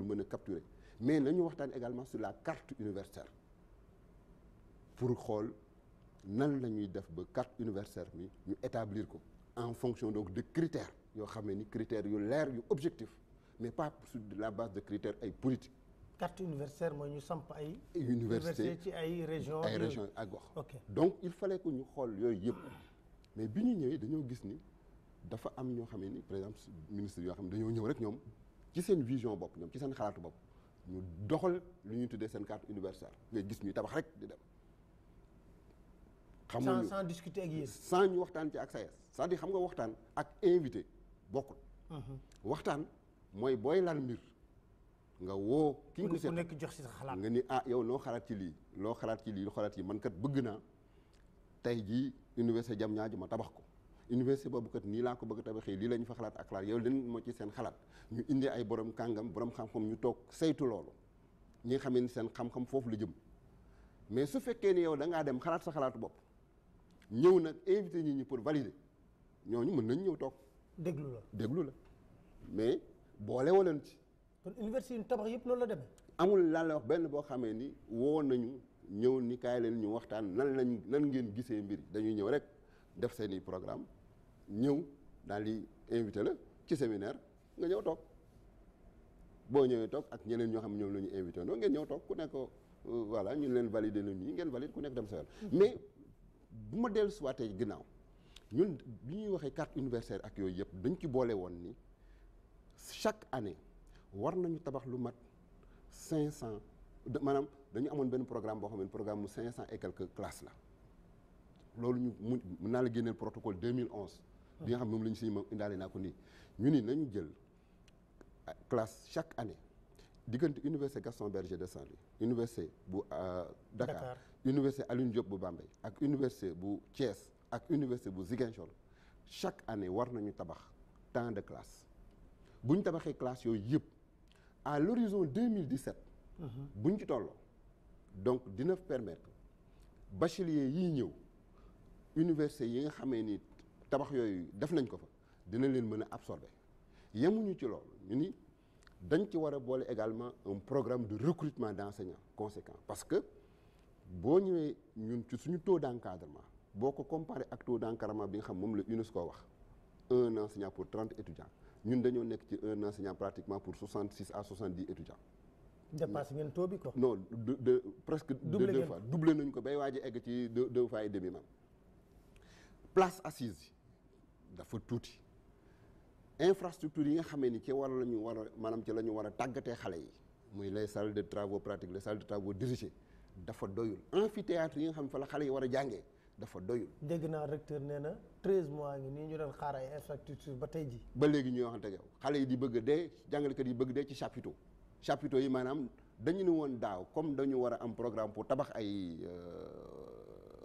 pour nous capturer mais nous avons également sur la carte universelle. pour voir nan la établi def carte universelle, établir en fonction donc de critères Nous avons ni critères yu leer objectif mais pas sur la base de critères politiques. politiques. carte universitaire nous ñu samp ay université région région donc il fallait que nous nous yooyu mais nous avons dit gis ni dafa am par exemple ministre de xam ne ñëw rek ci une vision qui ñoom ci xalaatu Nous doxal lu carte universelle Nous gis une tabax sans discuter avec sans ñu waxtaan ci c'est-à-dire que nga waxtaan invité Nous mhm. waxtaan nous nga wo ki ko de nga ni ah yow xalaat ci ci man kat université boobu kat nii laa ko bëgg a tabaxee lii la ñu fa xalaat ak xalaat yow leen moo ci seen xalaat ñu indi ay borom kàngam borom xam-xam ñu toog saytu loolu ñi nga xam ne seen xam-xam foofu la jëm mais su fekkee ni yow dangaa dem xalaat sa xalaatu bopp ñëw nag invité nit ñi pour ñoo ñu mën nañ ñëw toog. déglu la déglu la mais boole woo leen ci. kon université yu tabax yëpp loolu la demee. amul lan la wax benn boo xamee ni woo nañu ñëw ni kaay ñu waxtaan nan lañ nan ngeen gisee mbir dañuy ñëw rek. def seen programme ñëw daal di invité la ci séminaire nga ñëw toog boo ñëwee toog ak ñeneen ñoo xam ñoom la ñu invité woon ngeen ñëw toog ku nekk euh, voilà ñu leen valider leen nii ngeen valide ku nekk dem sa yoon mm-hmm. mais bu ma dellu suwaatee ginnaaw ñun bi ñuy waxee carte universitaire ak yooyu yëpp dañ ci boole woon ni chaque année war nañu tabax lu mat 500 cent maanaam dañu amoon benn programme boo xam ne programme 500 et quelques classes la nous avons le protocole 2011. bi nga xam moom la nous ko ah, classe chaque année diggante université Gaston Berger de Saint-Louis université bu euh, Dakar. Dakar université Alioune Diop bu Bambey ak université bu Thiès ak université bu Ziguinchor chaque année war nañu tabax temps de classes. Buñ tabaxé classe yoy yip. à l'horizon 2017. nous avons ci tolloo donc dina permettre bachelier yi université yi nga xamé ni tabax yoyu def nañ ko fa dina leen mëna absorber yamuñu ci lool ñu ni dañ ci wara boole également un programme de recrutement d'enseignants conséquent parce que bo ñëwee ñun ci suñu taux d'encadrement boko comparer ak taux d'encadrement bi nga xam mom la UNESCO wax un enseignant pour 30 étudiants ñun dañoo nekk ci un enseignant pratiquement pour 66 à 70 étudiants. dépasse ngeen taux bi quoi. non de de presque. deux fois doublé nañ ko bay waji egg ci deux deux fois et demi même. place assise yi dafa tuuti infrastructure yi nga xamee ni ci war la ñu war maanaam ci la ñu war a tàggatee xale yi muy lay salles de travaux pratiques les salles de travaux dirigés dafa doyul amphithéâtre yi nga xam ne fa la xale yi war a jàngee dafa doyul. dégg naa recteur nee na treize mois ngi nii ñu doon xaar ay infrastructure ba tey ji ba léegi ñuy waxante yow xale yi di bëgg dee jàngalekat yi bëgg dee ci chapiteau chapiteau yi maanaam dañu ne woon daaw comme dañu war a am programme pour tabax ay euh,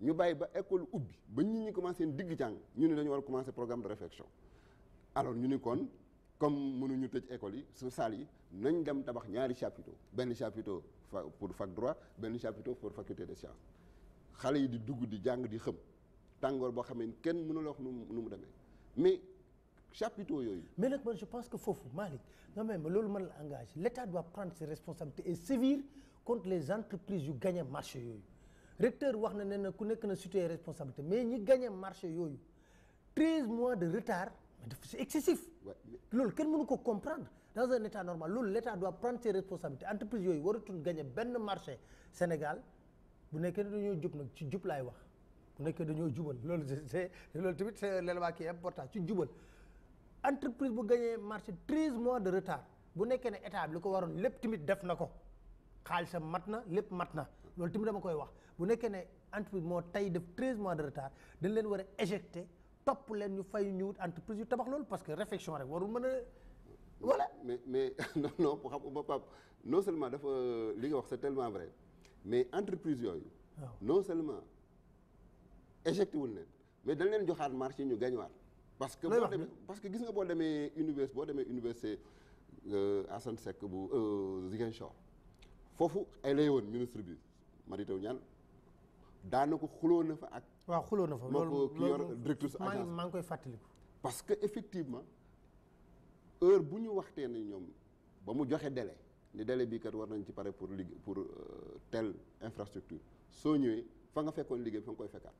ñu bàyyi ba école ubbi ba nit ñi commencé digg jàng ñu ne dañu war a commencé programme de réflexion alors ñu ni kon comme mënuñu tëj école yi su saal yi nañ dem tabax ñaari chapiteau benn chapiteau pour fac droit un chapiteau pour faculté de sciences Les yi di dugg di jàng di xëm tàngoor boo xamee kenn mënul wax nu mu démé mais chapiteau yooyu. mais nag je pense que fofu Malik, non même lolu man engagé doit prendre ses responsabilités et sévir contre les entreprises yu gagné marché yooyu. recteur wax na ne ku nekk na situé responsabilité mais ñi gagné marché yooyu 13 mois de retard mais dafa c'est excessif. loolu kenn mënu ko comprendre dans un état normal loolu l' état doit prendre ses entreprise yooyu waratul gagné benn marché Sénégal bu nekkee dañoo jub nag ci jub laay wax bu nekkee dañoo jubal loolu c'est loolu tamit c'est l'élément qui ci jubal entreprise bu gañee marché 13 mois de retard bu nekkee ne état bi li ko waroon lépp tamit def na ko xaalisam mat na lépp mat na loolu tamit dama koy wax. bu nekkee ne entreprise moo tey def 13 mois de retard dañ leen war a top topp leen ñu fay ñu entreprise yu tabax loolu parce que réflexion rek warul mën a. voilà mais mais non non xam nga Pape non seulement dafa li wax c'est tellement vrai mais entreprise yooyu. Ah. non seulement éjecté wul leen mais dañ leen joxaat marché ñu gañuwaat. parce que boo parce que gis nga boo demee université boo demee université euh, Assane Seck bu euh, Ziguinchor foofu ay lay woon ministre bi Mary Teuw Niane daanaka xuloo na fa ak. waaw xuloo na fa loolu moo yor directrice agence maa ngi koy fàttaliku. parce que effectivement heure bu ñu waxtee ne ñoom ba mu joxe dele ni dele bii kat war nañ ci pare pour liggéey pour euh, tel infrastructure soo ñëwee fa nga fekkoon liggéey fa nga koy fekkaat.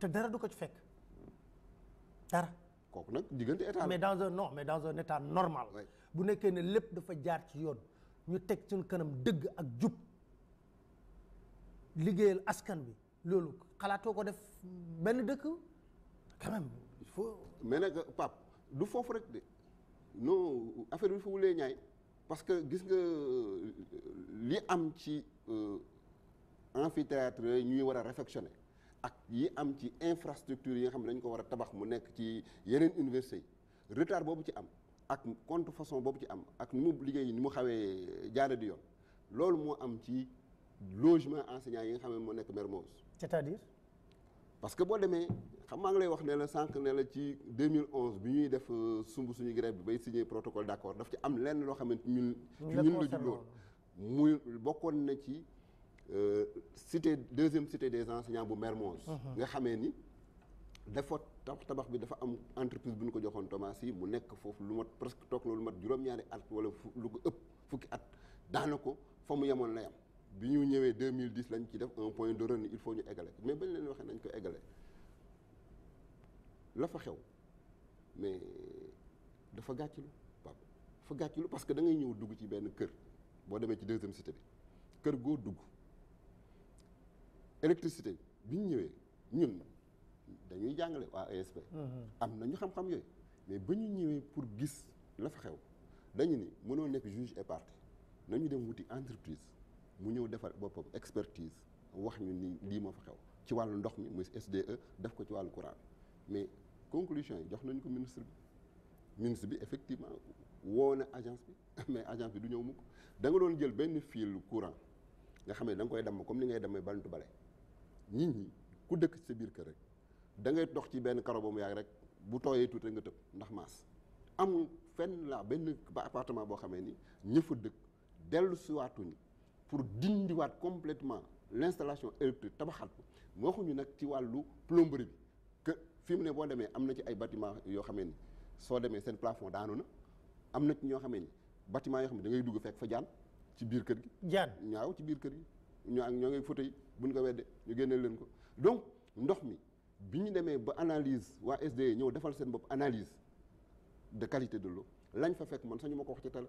te dara du ko ci fekk dara. kooku nag diggante état mais dans un non mais dans un état normal. bu nekkee ne lépp dafa jaar ci yoon ñu teg suñu kanam dëgg ak jub. liggéeyal askan bi lolou xalaatoo ko def ben deuk quand même il faut. mais nag Pape du fofu rek de non affaire bi fa wulee ñaay parce que gis nga li am ci euh, amphithéâtre ñuy wara a réfectionner ak yi am ci infrastructure yi nga xam dañ ko wara tabax mu nekk ci yeneen université retard bobu ci am ak façon bobu ci am ak ni mu liggéey ni mu xawee jaara di yoon loolu moo am ci logement enseignant yi nga xamé mo nek nekk Mermoz. c'est-à-dire. parce que bo démé xam maa ngi lay wax né la sank né la ci 2011 bi ñuy def euh, sumbu suñu grève bi bay signé protocole d'accord daf ci am lenn lo xamé ñun. ñun la jubloon muy bokon na ci euh cité deuxième cité des enseignants bu Mermoz. Uh-huh. nga xamé ni dafa tabax tabax bi dafa am entreprise bu ñu ko joxon Thomas yi mu nek fofu lu mat presque tok na lu mat juróom-ñaari at wala lu ko ëpp fukki at daana ko fa mu yemoon la yam nous 2010 lañ ci un point de il faut ñu mais ben leen ko égaler. la fa mais dafa dafa parce que da ngay ñëw dugg ci benn kër deuxième cité bi kër dugg électricité bi ñu ñun dañuy Nous ESP mm-hmm. mais si nous pour gis la fa xew dañu ni juge et partie nañu dem wuti entreprise mu ñëw defar boppam expertise wax ñu ni lii moo fa xew ci wàllu ndox mi muy SDE def ko ci wàllu courant mais conclusion yi jox nañ ko ministre bi ministre bi effectivement woo na agence bi mais agence bi du ñëw mukk da doon jël benn fil courant nga xam ne da nga koy damm comme ni ngay demee bantu bale nit ñi ku dëkk ci biir kër rek da ngay dox ci benn karo mu yàgg rek bu tooyee tuuti nga tëb ndax maas amul fenn la benn appartement boo xamee ni ñëfa dëkk dellu siwaatuñu pour dindiwat complètement l'installation électrique tabaxaat ko waxuñu nak ci walu plomberie bi que fi mu ne boo demee am ci ay bâtiment yo xamé ni soo demee seen plafond daanu na am ci ño xamé ni bâtiment yo xamé ne da ngay dugg fekk fa jaan ci biir kër gi jaan ñaaw ci biir kër gi ñoo ak ñoo ngay photo yi buñ ko wedde ñu génneel leen ko donc ndox mi biñu démé ba analyse wa SDE ñeu defal sen bopp analyse de qualité de l'eau lañ fa fekk man sañu mako wax ci télé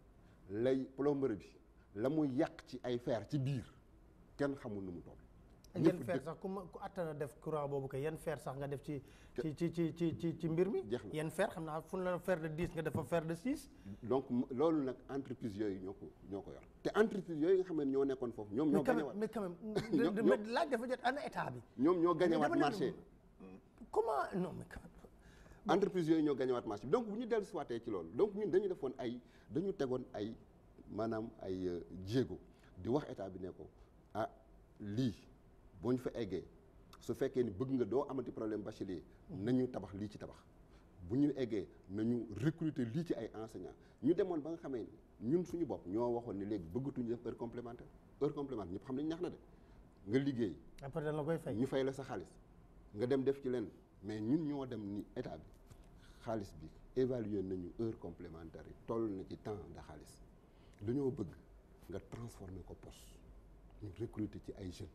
lay plomberie bi la muy yàq ci ay fer ci biir kenn xamul nu mu toll. yan fer sax ku ma ku attana def courant boobu kay yan fer sax nga def ci ci ci ci ci ci mbir mi. jeex na yan xam naa fu la fer de dix nga defa fer de six. donc loolu nag entreprise yooyu ñoo ko ñoo ko yor te entreprise yooyu nga xam ne ñoo nekkoon foofu. ñoom ñoo gañewaat mais quand même laaj dafa jot ana état bi. ñoom ñoo gañewaat marché. comment non mais entreprise yooyu ñoo gañewaat marché bi donc buñu ñu swaté ci lool donc ñun dañu defone ay dañu téggone ay manam ay djégo euh, di wax état bi ne ah li boo fa eggee su féké ni bëgg nga do amati problème bachelier nañu tabax li ci tabax buñu ñu nañu recruter li ci ay enseignants ñu démon ba nga xamé ñun suñu bop ñoo waxone ne léegi bëggatuñu def heure complémentaire heure complémentaire ñëpp xam nañ ñax na dé nga liggéey. après dañ la koy fay ñu fay la sa xaliss nga dem def ci lène mais ñun ñoo dem ni état bi xaalis bi évaluer nañu heure complémentaire yi toll na ci temps de xaalis dañoo bëgg nga transformer ko poste ñu recruter ci ay jeunes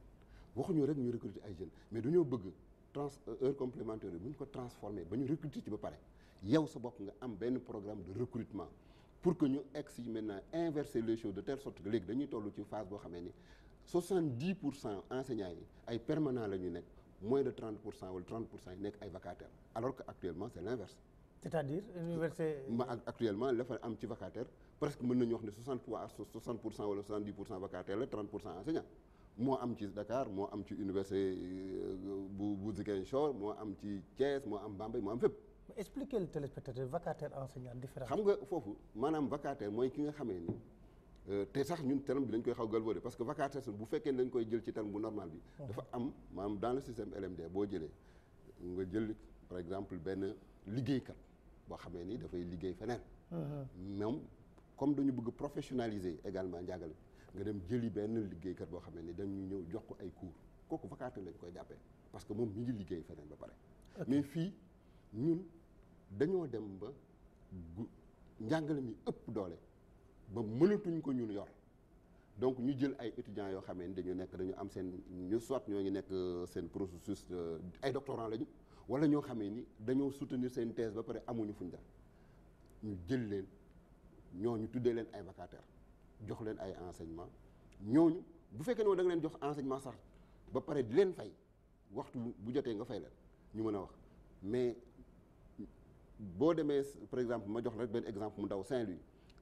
waxuñu rek ñu recruter ay jeunes mais dañoo bëgg trans euh, heure complémentaire yi ko transformer bañu recruter ci ba paré yow sa bop nga am ben programme de recrutement pour que ñu egg maintenant inverser les choses de telle sorte que léegi dañuy tollu ci phase bo xamé ni 70% enseignants yi ay permanents lañu ñu moins de 30 ou 30 pour vacataires alors qu'actuellement c'est l'inverse. cest à dire université. actuellement la fa am ci vacataire. presque à 60 ou 70 vacataire, le 30 enseignant. Moi, je suis am Dakar moo am ci université euh, bu bu suis à am ci Thiès à am je suis am fépp. expliquez le téléspectateur vacataire enseignant différent. xam nga vacataire mooy ki nga à ni. Euh, te sax ñun terme bi dañ koy xaw galvaudé parce que vacataire bu fekkee ne dañ koy jël ci terme bu normal bi mmh. dafa am maanaam dans le système LMD bo jëlé nga jël par exemple ben liguey kat bo xamé ni da dafay liggéey feneen même comme dañu bëgg professionnaliser également njàngale nga dem jëli ben liguey kat bo xamé ni dañu ñëw jox ko ay cours kooku vacataire lañ koy jappé parce que moom mi ngi liggéey feneen ba pare mais fi ñun dañoo dem ba ñangal mi ëpp doolé ba mënatuñ ko ñun yor donc ñu jël ay étudiants yo xamé dañu nek dañu am sen ñu soit ñoo nek sen euh, seen processus euh, ay doctorants lañu wala ño xamé ni dañoo soutenir sen thèse ba paré amuñu fuñ def ñu jël leen ñoñu tuddé leen ay vacataires jox leen ay enseignement ñoñu bu fekkee no da nga leen jox enseignement sax ba paré di leen fay waxtu bu jotté nga fay leen ñu mëna wax mais bo démé par exemple ma jox la rek benn exemple mu daw Saint-Louis.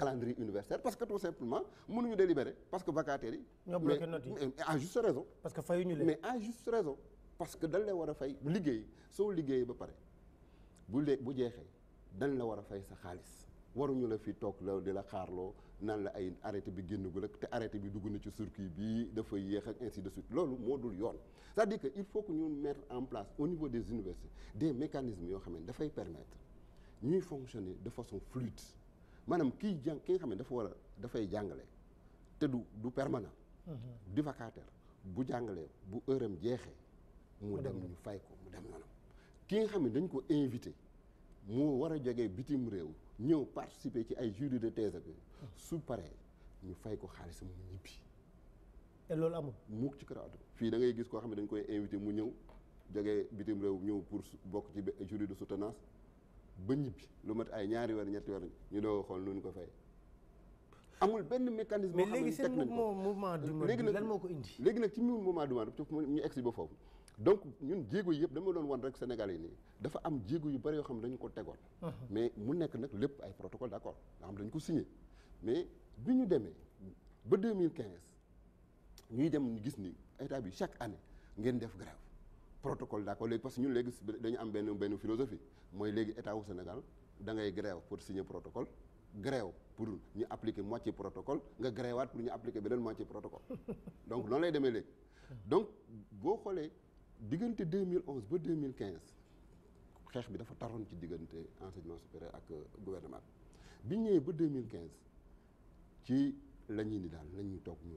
calendrier universel parce que tout simplement nous délibérer parce que vacataire. yi. ñoo bloqué notre mais à juste raison. parce que fayuñu leen mais à juste raison. parce que dans les wara a fay liggéey soo liggéey ba pare bu lee bu jeexee dañ la war a fay sa xaalis waruñu la fi toog la di la xaarloo la ay arrêté bi génnagul ak te arrêté bi de na ci circuit bi dafa yéex ak ainsi de suite loolu moo dul yoon c'est-à-dire que il faut que nous mettre en place au niveau des universités des mécanismes yoo xam ne permettre ñuy fonctionner de façon fluide maanaam kiy jàng ki xam ne dafa war dafay jàngale te du du permanent mhm. di vacataire bu jàngalee bu heure am jeexee mu dem ñu fay ko mu dem noonu ki nga xam ne dañ ko invité mu war a jógee bitim réew ñëw participer ci ay jury de thèse mhm. su paree ñu fay ko xaalisam mu ñibbi te ci karaatu fii da ngay gis koo xam ne dañ koy invité mu ñëw jógee bitim réew ñëw pour bokk ci jury de soutenance ba ñibbi lu mat ay ñaari weer ñetti weer ñu doo xool nu ñu ko fay. amul benn mécanisme. boo xam ne teg nañ ko mouvement d'humeur lan moo ko indi. léegi nag ci mouvement d'humeur ñu egsi ba foofu. donc ñun jéego yi yëpp dama doon wan rek dafa am jéego yu bari yoo xam ne dañu ko tegoon. Uh-huh. mais mu nekk nag lépp ay protocole d'accord nga xam dañu ko signé mais bi ñu demee ba 2015 ñuy dem ñu gis ni état bi chaque année ngeen def grève. protocole d'accord parce que nous, avons dañu am benn philosophie moy légui état au Sénégal da ngay grève pour signer protocole grève pour ñu appliquer moitié protocole nga gréwaat pour ñu appliquer beneen moitié protocole donc non, lay démé léegi donc vous xolé en 2011 ba 2015 xex bi dafa taroon ci diggante enseignement supérieur le gouvernement bi ba 2015 ci y a ni dal lañuy tok ñu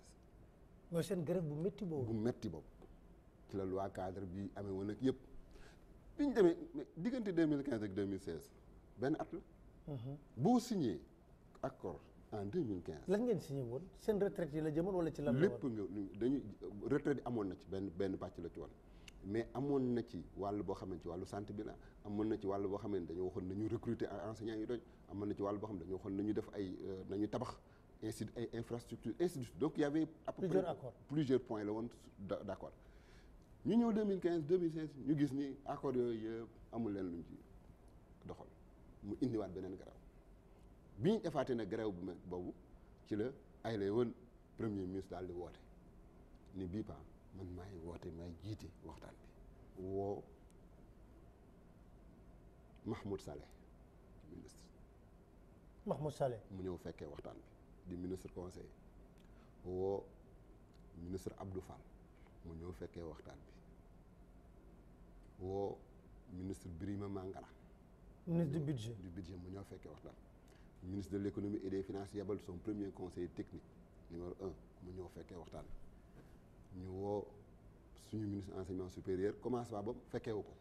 mooy seen grève bu métti boobu. bu métti boobu ci la loi cadre bi amee woon ak yëpp bi ñu demee diggante 2015 ak 2016 benn at la. Mhm. boo signé accord en 2015. lan ngeen signé woon seen retraite yi la jëmoon wala ci lan. lépp nga dañuy retraite yi amoon na ci benn benn pàcc la ci woon. mais amoon na ci wàll boo xamante ci wàllu sant bi la amoon na ci wàll boo ne dañoo waxoon nañu recruter ay enseignants yu doy amoon na ci wàll boo xam ne dañoo waxoon nañu def ay euh, nañu tabax et ay infrastructure ainsi de suite donc il y avait à peu plusieurs près accords. plusieurs points la woon d'accord ñu ñëw 2015 2016 ñu gis ni accords yooyu yëpp amul leen luñ ci doxal mu indiwaat beneen garaaw bi ñu defaatee nag garaaw bu boobu ci la ay lay woon premier ministre daal di woote ni bii paa man maay woote maay jiite waxtaan bi Wo Mahmoud Saleh ministre Mahmoud Saleh mu ñëw fekkee waxtaan bi du ministre conseil woo ministre Abdou Fall mu ñëw fekkee waxtaan bi woo ministre Brima Mangara ministre du budget du budget fait ñëw fekkee waxtaan ministre de l'économie et des finances Yabal, son premier conseiller technique numéro un mu ñëw fekkee waxtaan bi ñu woo suñu ministre enseignement supérieur commencé waa ba fekkeewu ko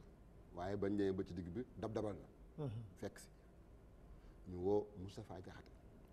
waaye bañ ñëwee ba ci digg bi dab dabal na mhm. fekk si ñu woo Moustapha Diakhaté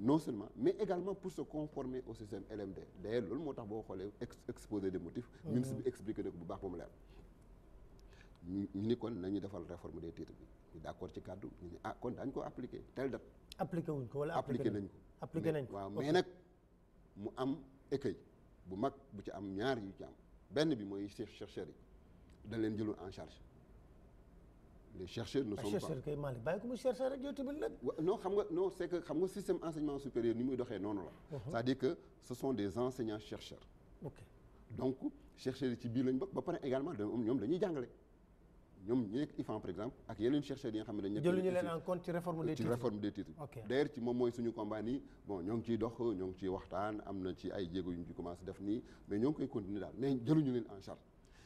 non seulement mais également pour se conformer au système LMD d'ailleurs loolu moo tax boo xoolee exposé des motifs mm-hmm. ministre bi expliqué na leer ñu ni kon nañu defal réforme des titres bi ñu d'accord ci kàddu ñu ne ah kon daañu ko appliqué tel date appliqué wuñ ko wala appliqué nañ ko appliqué nañ ko waaw mais nag mu am écueil bu mag bu ci am ñaar yu ci am benn bi mooy chercheurs yi dañ leen jëlul en charge les chercheurs ne sont pas Chercheur Malick bàyyi ko mu chercheur rek yow tamit nag. non xam nga non c'est que xam nga système enseignement supérieur ni muy doxee noonu la. Ça mhm. est dire que ce sont des enseignants chercheurs. ok donc chercheurs yi ci biir lañ bokk ba pare également ñoom dañuy jàngale. ñoom ñu nekk IFAN par exemple ak yeneen chercheurs yi nga xam ne dañ. jëluñu leen en compte ci réforme des titres ci réforme des titres. d' ailleurs ci moom mooy suñu combat nii bon ñoo ngi ciy dox ñoo ngi ciy waxtaan am na ci ay jéego yu ñu commencé def nii mais ñoo ngi koy continuer daal mais jëluñu leen en charge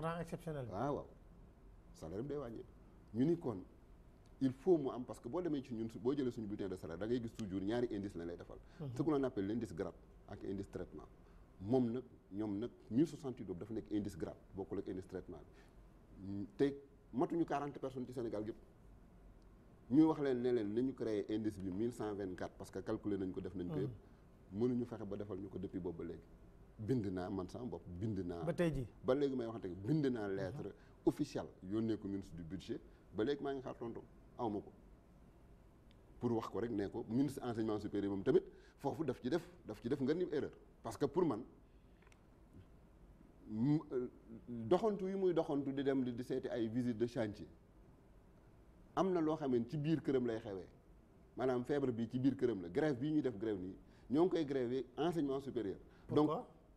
rang exceptionnel ah waaw salaire bi day ñu ni kon il faut mu am parce que bo démé ci ñun bo jëlee suñu bulletin de salaire da ngay gis toujours ñaari indice lañ lay defal mhm. ce que l'on appelle l'indice grade ak indice traitement mom nak ñom nak 1068 da fa nek indice grade bokkul ak indice traitement té matu ñu 40 personnes ci Sénégal yëpp ñu wax leen ne leen nañu créé indice bi 1124 parce que calculer nañ ko def nañ ko yëpp mhm. mënuñu fexe ba defal ñuko depuis bobu légui bindina man sama bop bindina ba tey jii ba léegi may waxante bind lettre officielle yone ko ministre du budget ba léegi maa ngi xaar tontu aw pour wax ko rek nee ko ministre enseignement supérieur mom tamit fofu daf ci def daf ci def nga ni erreur parce que pour man euh, doxantu yi muy doxantu di dem di seeti ay visite de chantier amna lo loo ci biir kërëm lay xewé manam fièvre bi ci biir kërëm la grève bi ñu def grève ni, ñong koy grève enseignement supérieur donc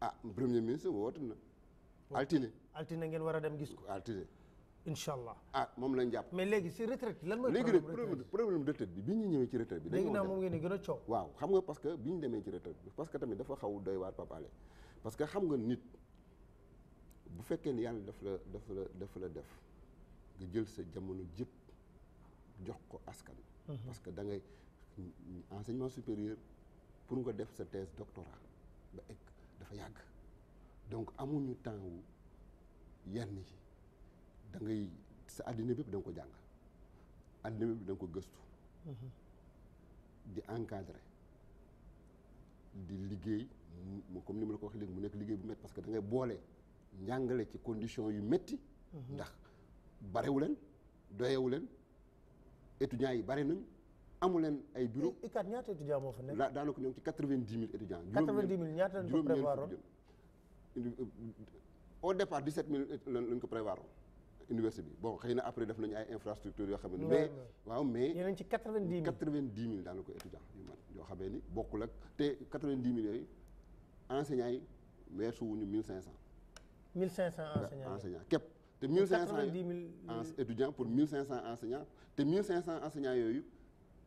ah premier ministre woote na. altine altine ngeen war a dem gis ko. altine. incha allah ah moom lañ jàpp. mais léegi si retraite lan mooy. problème problème problème bi bi ñu ñëwee ci retraite bi. dañoo léegi moom ngeen di gën a coow. waaw xam nga parce que bi ñu demee ci retraite bi parce que tamit dafa xaw doy waar Pape parce que xam nga nit bu fekkee ni yàlla daf la daf la daf def nga jël sa jamono jëpp jox ko askan. Mhm. parce que da ngay enseignement supérieur pour nga def sa thèse doctorat dafa yàgg donc amuñu temps wu yenn yi da ngay sa àddina bépp da nga ko jàng àddina bi da nga ko gëstu mhm. di encadrer di liggéey mu comme ni la ko mu nekk liggéey bu métti parce que da boole njàngale ci condition yu métti mhm. ndax barewu leen doyewu leen étudiants yi bare nañ amu leen ay bureau ICAT ñaata étudiants moo fa nekk. daanaka ñoom ci quatre vingt dix mille étudiants. quatre vingt ñaata lañ ko prévoir dix sept mille lañ ko prévoir na après def nañu ay infrastructures yoo xam ne. mais waaw mais yeneen ci quatre vingt dix mille quatre vingt dix mille daanaka étudiants yu man yoo xamee ni bokkul te quatre vingt dix mille yooyu enseignants yi weesu wuñu mille cinq cent. mille cinq cent enseignants enseignants képp. te mille cinq cent étudiants pour mille cinq cent enseignants te mille yooyu.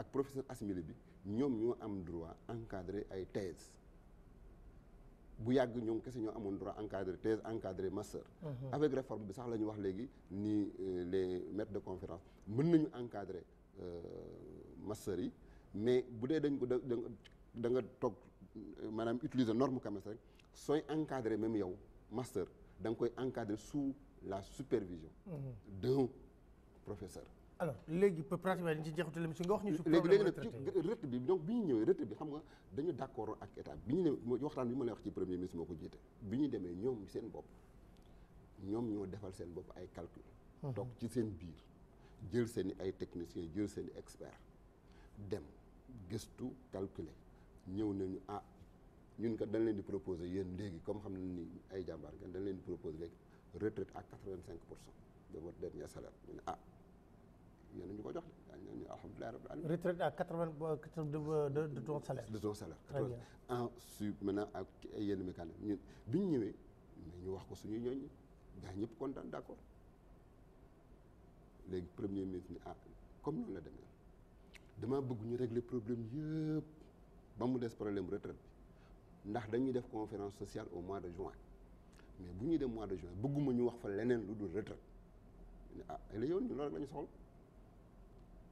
le professeur assimilé bi ont le droit encadrer ay thèse bu avons le droit d'encadrer amoon droit encadrer thèse encadrer master mhm. avec réforme bi sax la ñu wax léegi ni euh, les maîtres de conférence mën nañu encadrer euh, master mais si vous utilisez ko da da nga toog vous euh, utiliser norme CAMES rek encadrer même yow master da nga koy sous la supervision mhm. d'un professeur alors léegi pratiquement dañ ci jeexutal mi si nga wax ñu. léegi léegi nag rëtt bi donc bi ñu ñëwee rëtt bi xam nga dañu d' accord ak état bi ñu ne waxtaan bi ma lay wax ci premier ministre moo ko jiite bi ñu demee ñoom seen bopp ñoom ñoo defal seen bopp ay calcul. Mhm. toog ci seen biir jël seen i ay techniciens jël seen i experts dem gëstu calculer ñëw nañu ah ñun kat dañ leen di proposer yéen léegi comme xam nañ ni ay jàmbaar ngeen dañ leen di proposer léegi retraite à quatre vingt cinq pour cent de votre dernier salaire ñu ne ah. ñenn ñu ko jox de daañu alhamdulilah rabbil alamin. retraite à quatre vingt de de ton salaire. de ton salaire. très bien en su maintenant ak yenn mécanisme ñun bi ñu ñëwee mais ñu wax ko suñu ñooñu gaa ñëpp kontaan d' accord léegi premier ministre ni ah comme noonu la demee dama bëgg ñu régler problème yëpp ba mu des problème retraite bi ndax dañuy def conférence sociale au mois de juin mais bu ñuy dem mois de juin bëgguma ñu wax fa leneen lu dul retraite ah la yoon ñu loolu rek la ñu soxla.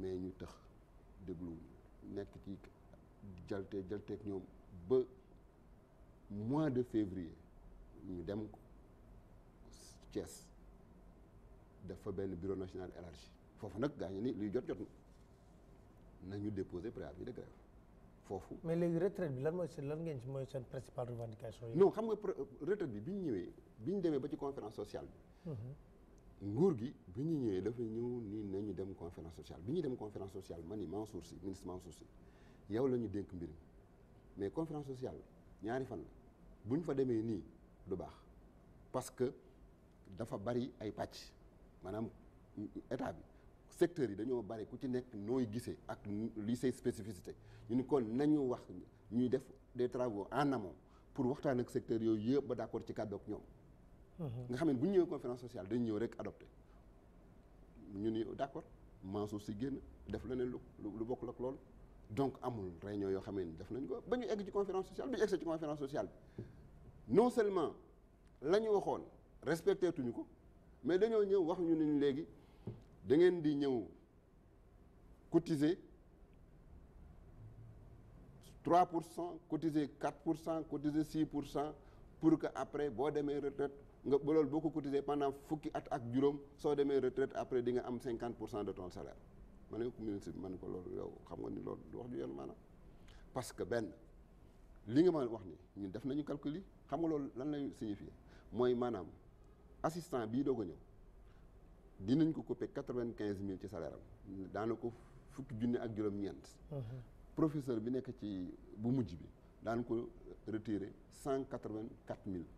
mais ñu tax dégluwuñ nek ci jalte ak ñom ba mois de février ñu dem Thiès dafa benn bureau national allergie fofu nak gaa ni luy jot jot na nañu déposer préavis de grève fofu mais les retraites bi lan moy seen lan ngeen ci moy seen principale revendication non xam nga retraite bi biñ ñëwé biñ démé ba ci conférence sociale bi. Mhm nguur gi bi ñu ñëwee dafa ñëw ni nañu dem conférence sociale bi dem conférence sociale ma ni Mansour Sy ministre Mansour Sy yow la ñu dénk mbir mi mais conférence sociale ñaari fan la fa demee ni, du baax parce que dafa bari ay pàcc maanaam état bi secteurs yi dañoo bari ku ci nekk nooy gisee ak li say spécificité ñu ni kon nañu wax ñuy def des travaux en amont pour waxtaan ak secteurs yooyu yëpp ba d'accord ci kàddoog ñoom Mhm. nga xamné ne bu ñu conférence sociale dañ ñëw rek adopter ñu ni d'accord Mansour ci génn def leneen lu lu bokkul ak lool donc amul réunion yo xamné def nañ ko bañu ñu egg ci conférence sociale bi ñu egg ci conférence sociale non seulement lañu ñu waxoon respecté tuñu ko mais dañoo ñëw wax ñu ne légui da ngeen di ñëw cotiser 3 cotiser 4 cotiser 6 pour que après boo demee retraite nga loolu boo ko cotisé pendant fukki at ak juróom so demee retraite après di nga am 50% de ton salaire mané ko ministre bi ko loolu yow xam nga ni loolu wax ju yoon manam parce que ben li nga ma wax ni ñun def nañu calcul yi xam nga loolu lan lay signifier moy manam assistant bi doog a ñëw dinañ ko couper 95000 ci salaire am daana ko fukki junne ak juróom-ñeent mhm. professeur bi nek ci bu mujj bi daan ko retirer 184000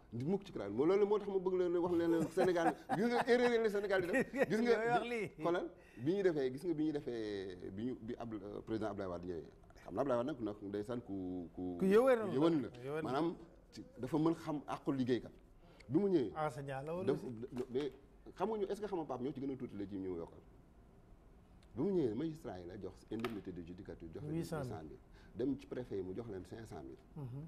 di mukk ci crâne moo loolu moo tax ma bëgg leen wax leen Sénégal gis nga erreur yi Sénégal di def gis nga xoolal bi ñu defee gis nga bi ñu defee bi ñu bi ab euh, président Abdoulaye Wade ñëwee xam na Abdoulaye Wade nag nag ndeysaan ku ku ku yëwan la maanaam dafa mën xam àqul liggéeykat bi mu ñëwee enseignant la wala mais xamuñu est-ce que xam ñoo ci gën a tuuti la ci ñu yokkal mu ñëwee magistrat yi la jox indemnité de judicature jox leen huit cent mille dem ci préfet yi mu jox leen cinq cent mille mm-hmm.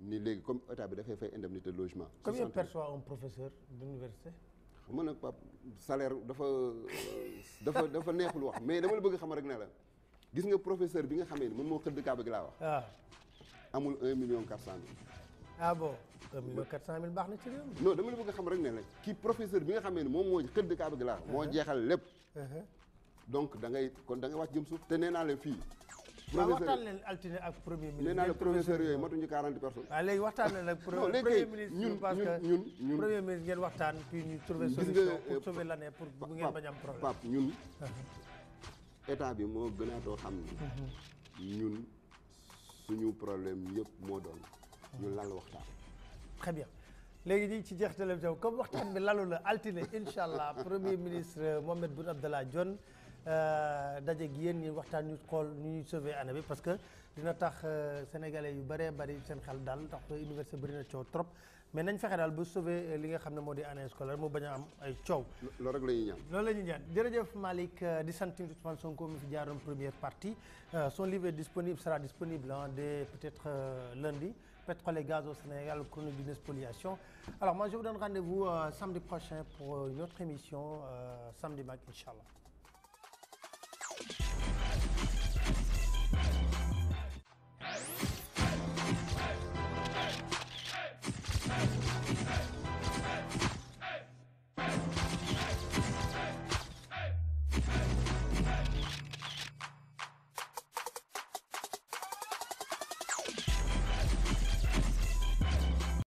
ni légui comme état bi da fay fay indemnité de logement. combien perçoit un professeur d'université man nag Pape salaire dafa dafa dafa neexul wax mais dama la bëgg xam rek ne la gis nga professeur bi nga xamé ni moom moo xëdd kaaba gi laa wax. ah amul 1 million quatre cent ah bon 1 million quatre cent baax na ci réew non dama la bëgg xam rek ne la ki professeur bi nga xamé ni moom moo xëdd kaaba gi laa wax. moo uh-huh. jeexal lépp. Uh-huh. donc da ngay kon da ngay wàcc jëm suuf te nee naa fii. waaw waxtaan leen altine ak premier ministre. nee naa la yooyu matuñu quarante personnes. waaw waxtaan leen ak. premier ministre ñun parce que ñun premier ministre ngeen waxtaan. puis ñu trouver solution pour eh, sauver l'année pour bu ngeen bañ am problème. Pape ñun uh-huh. bi moo gënaatoo xam ni. Uh-huh. ñun suñu problème yëpp moo doon. Uh-huh. ñu lal waxtaan. très bien. léegi ñu ci jeexitalam tam comme waxtaan bi lalu la altine incha allah premier ministre Mohamed Boun Abdallah Dionne Euh, dajé gi yéen ñi waxtaan ñu xol ñu ñuy sauver année bi parce que dina tax euh, sénégalais yu bari bari seen xel dal tax université bari na coow trop mais nañ fexé dal bu sauver euh, li nga xam modi année scolaire mu baña am ay coow. lo rek lañu ñaan. lo lañu ñaan jërëjëf malik di sant Ousmane Sonko mi fi jaaroon première partie son livre est disponible sera disponible hein, dès peut-être lundi pétrole et gaz au Sénégal chronique d'une spoliation alors moi je vous donne rendez-vous euh, samedi prochain pour une autre émission samedi mag incha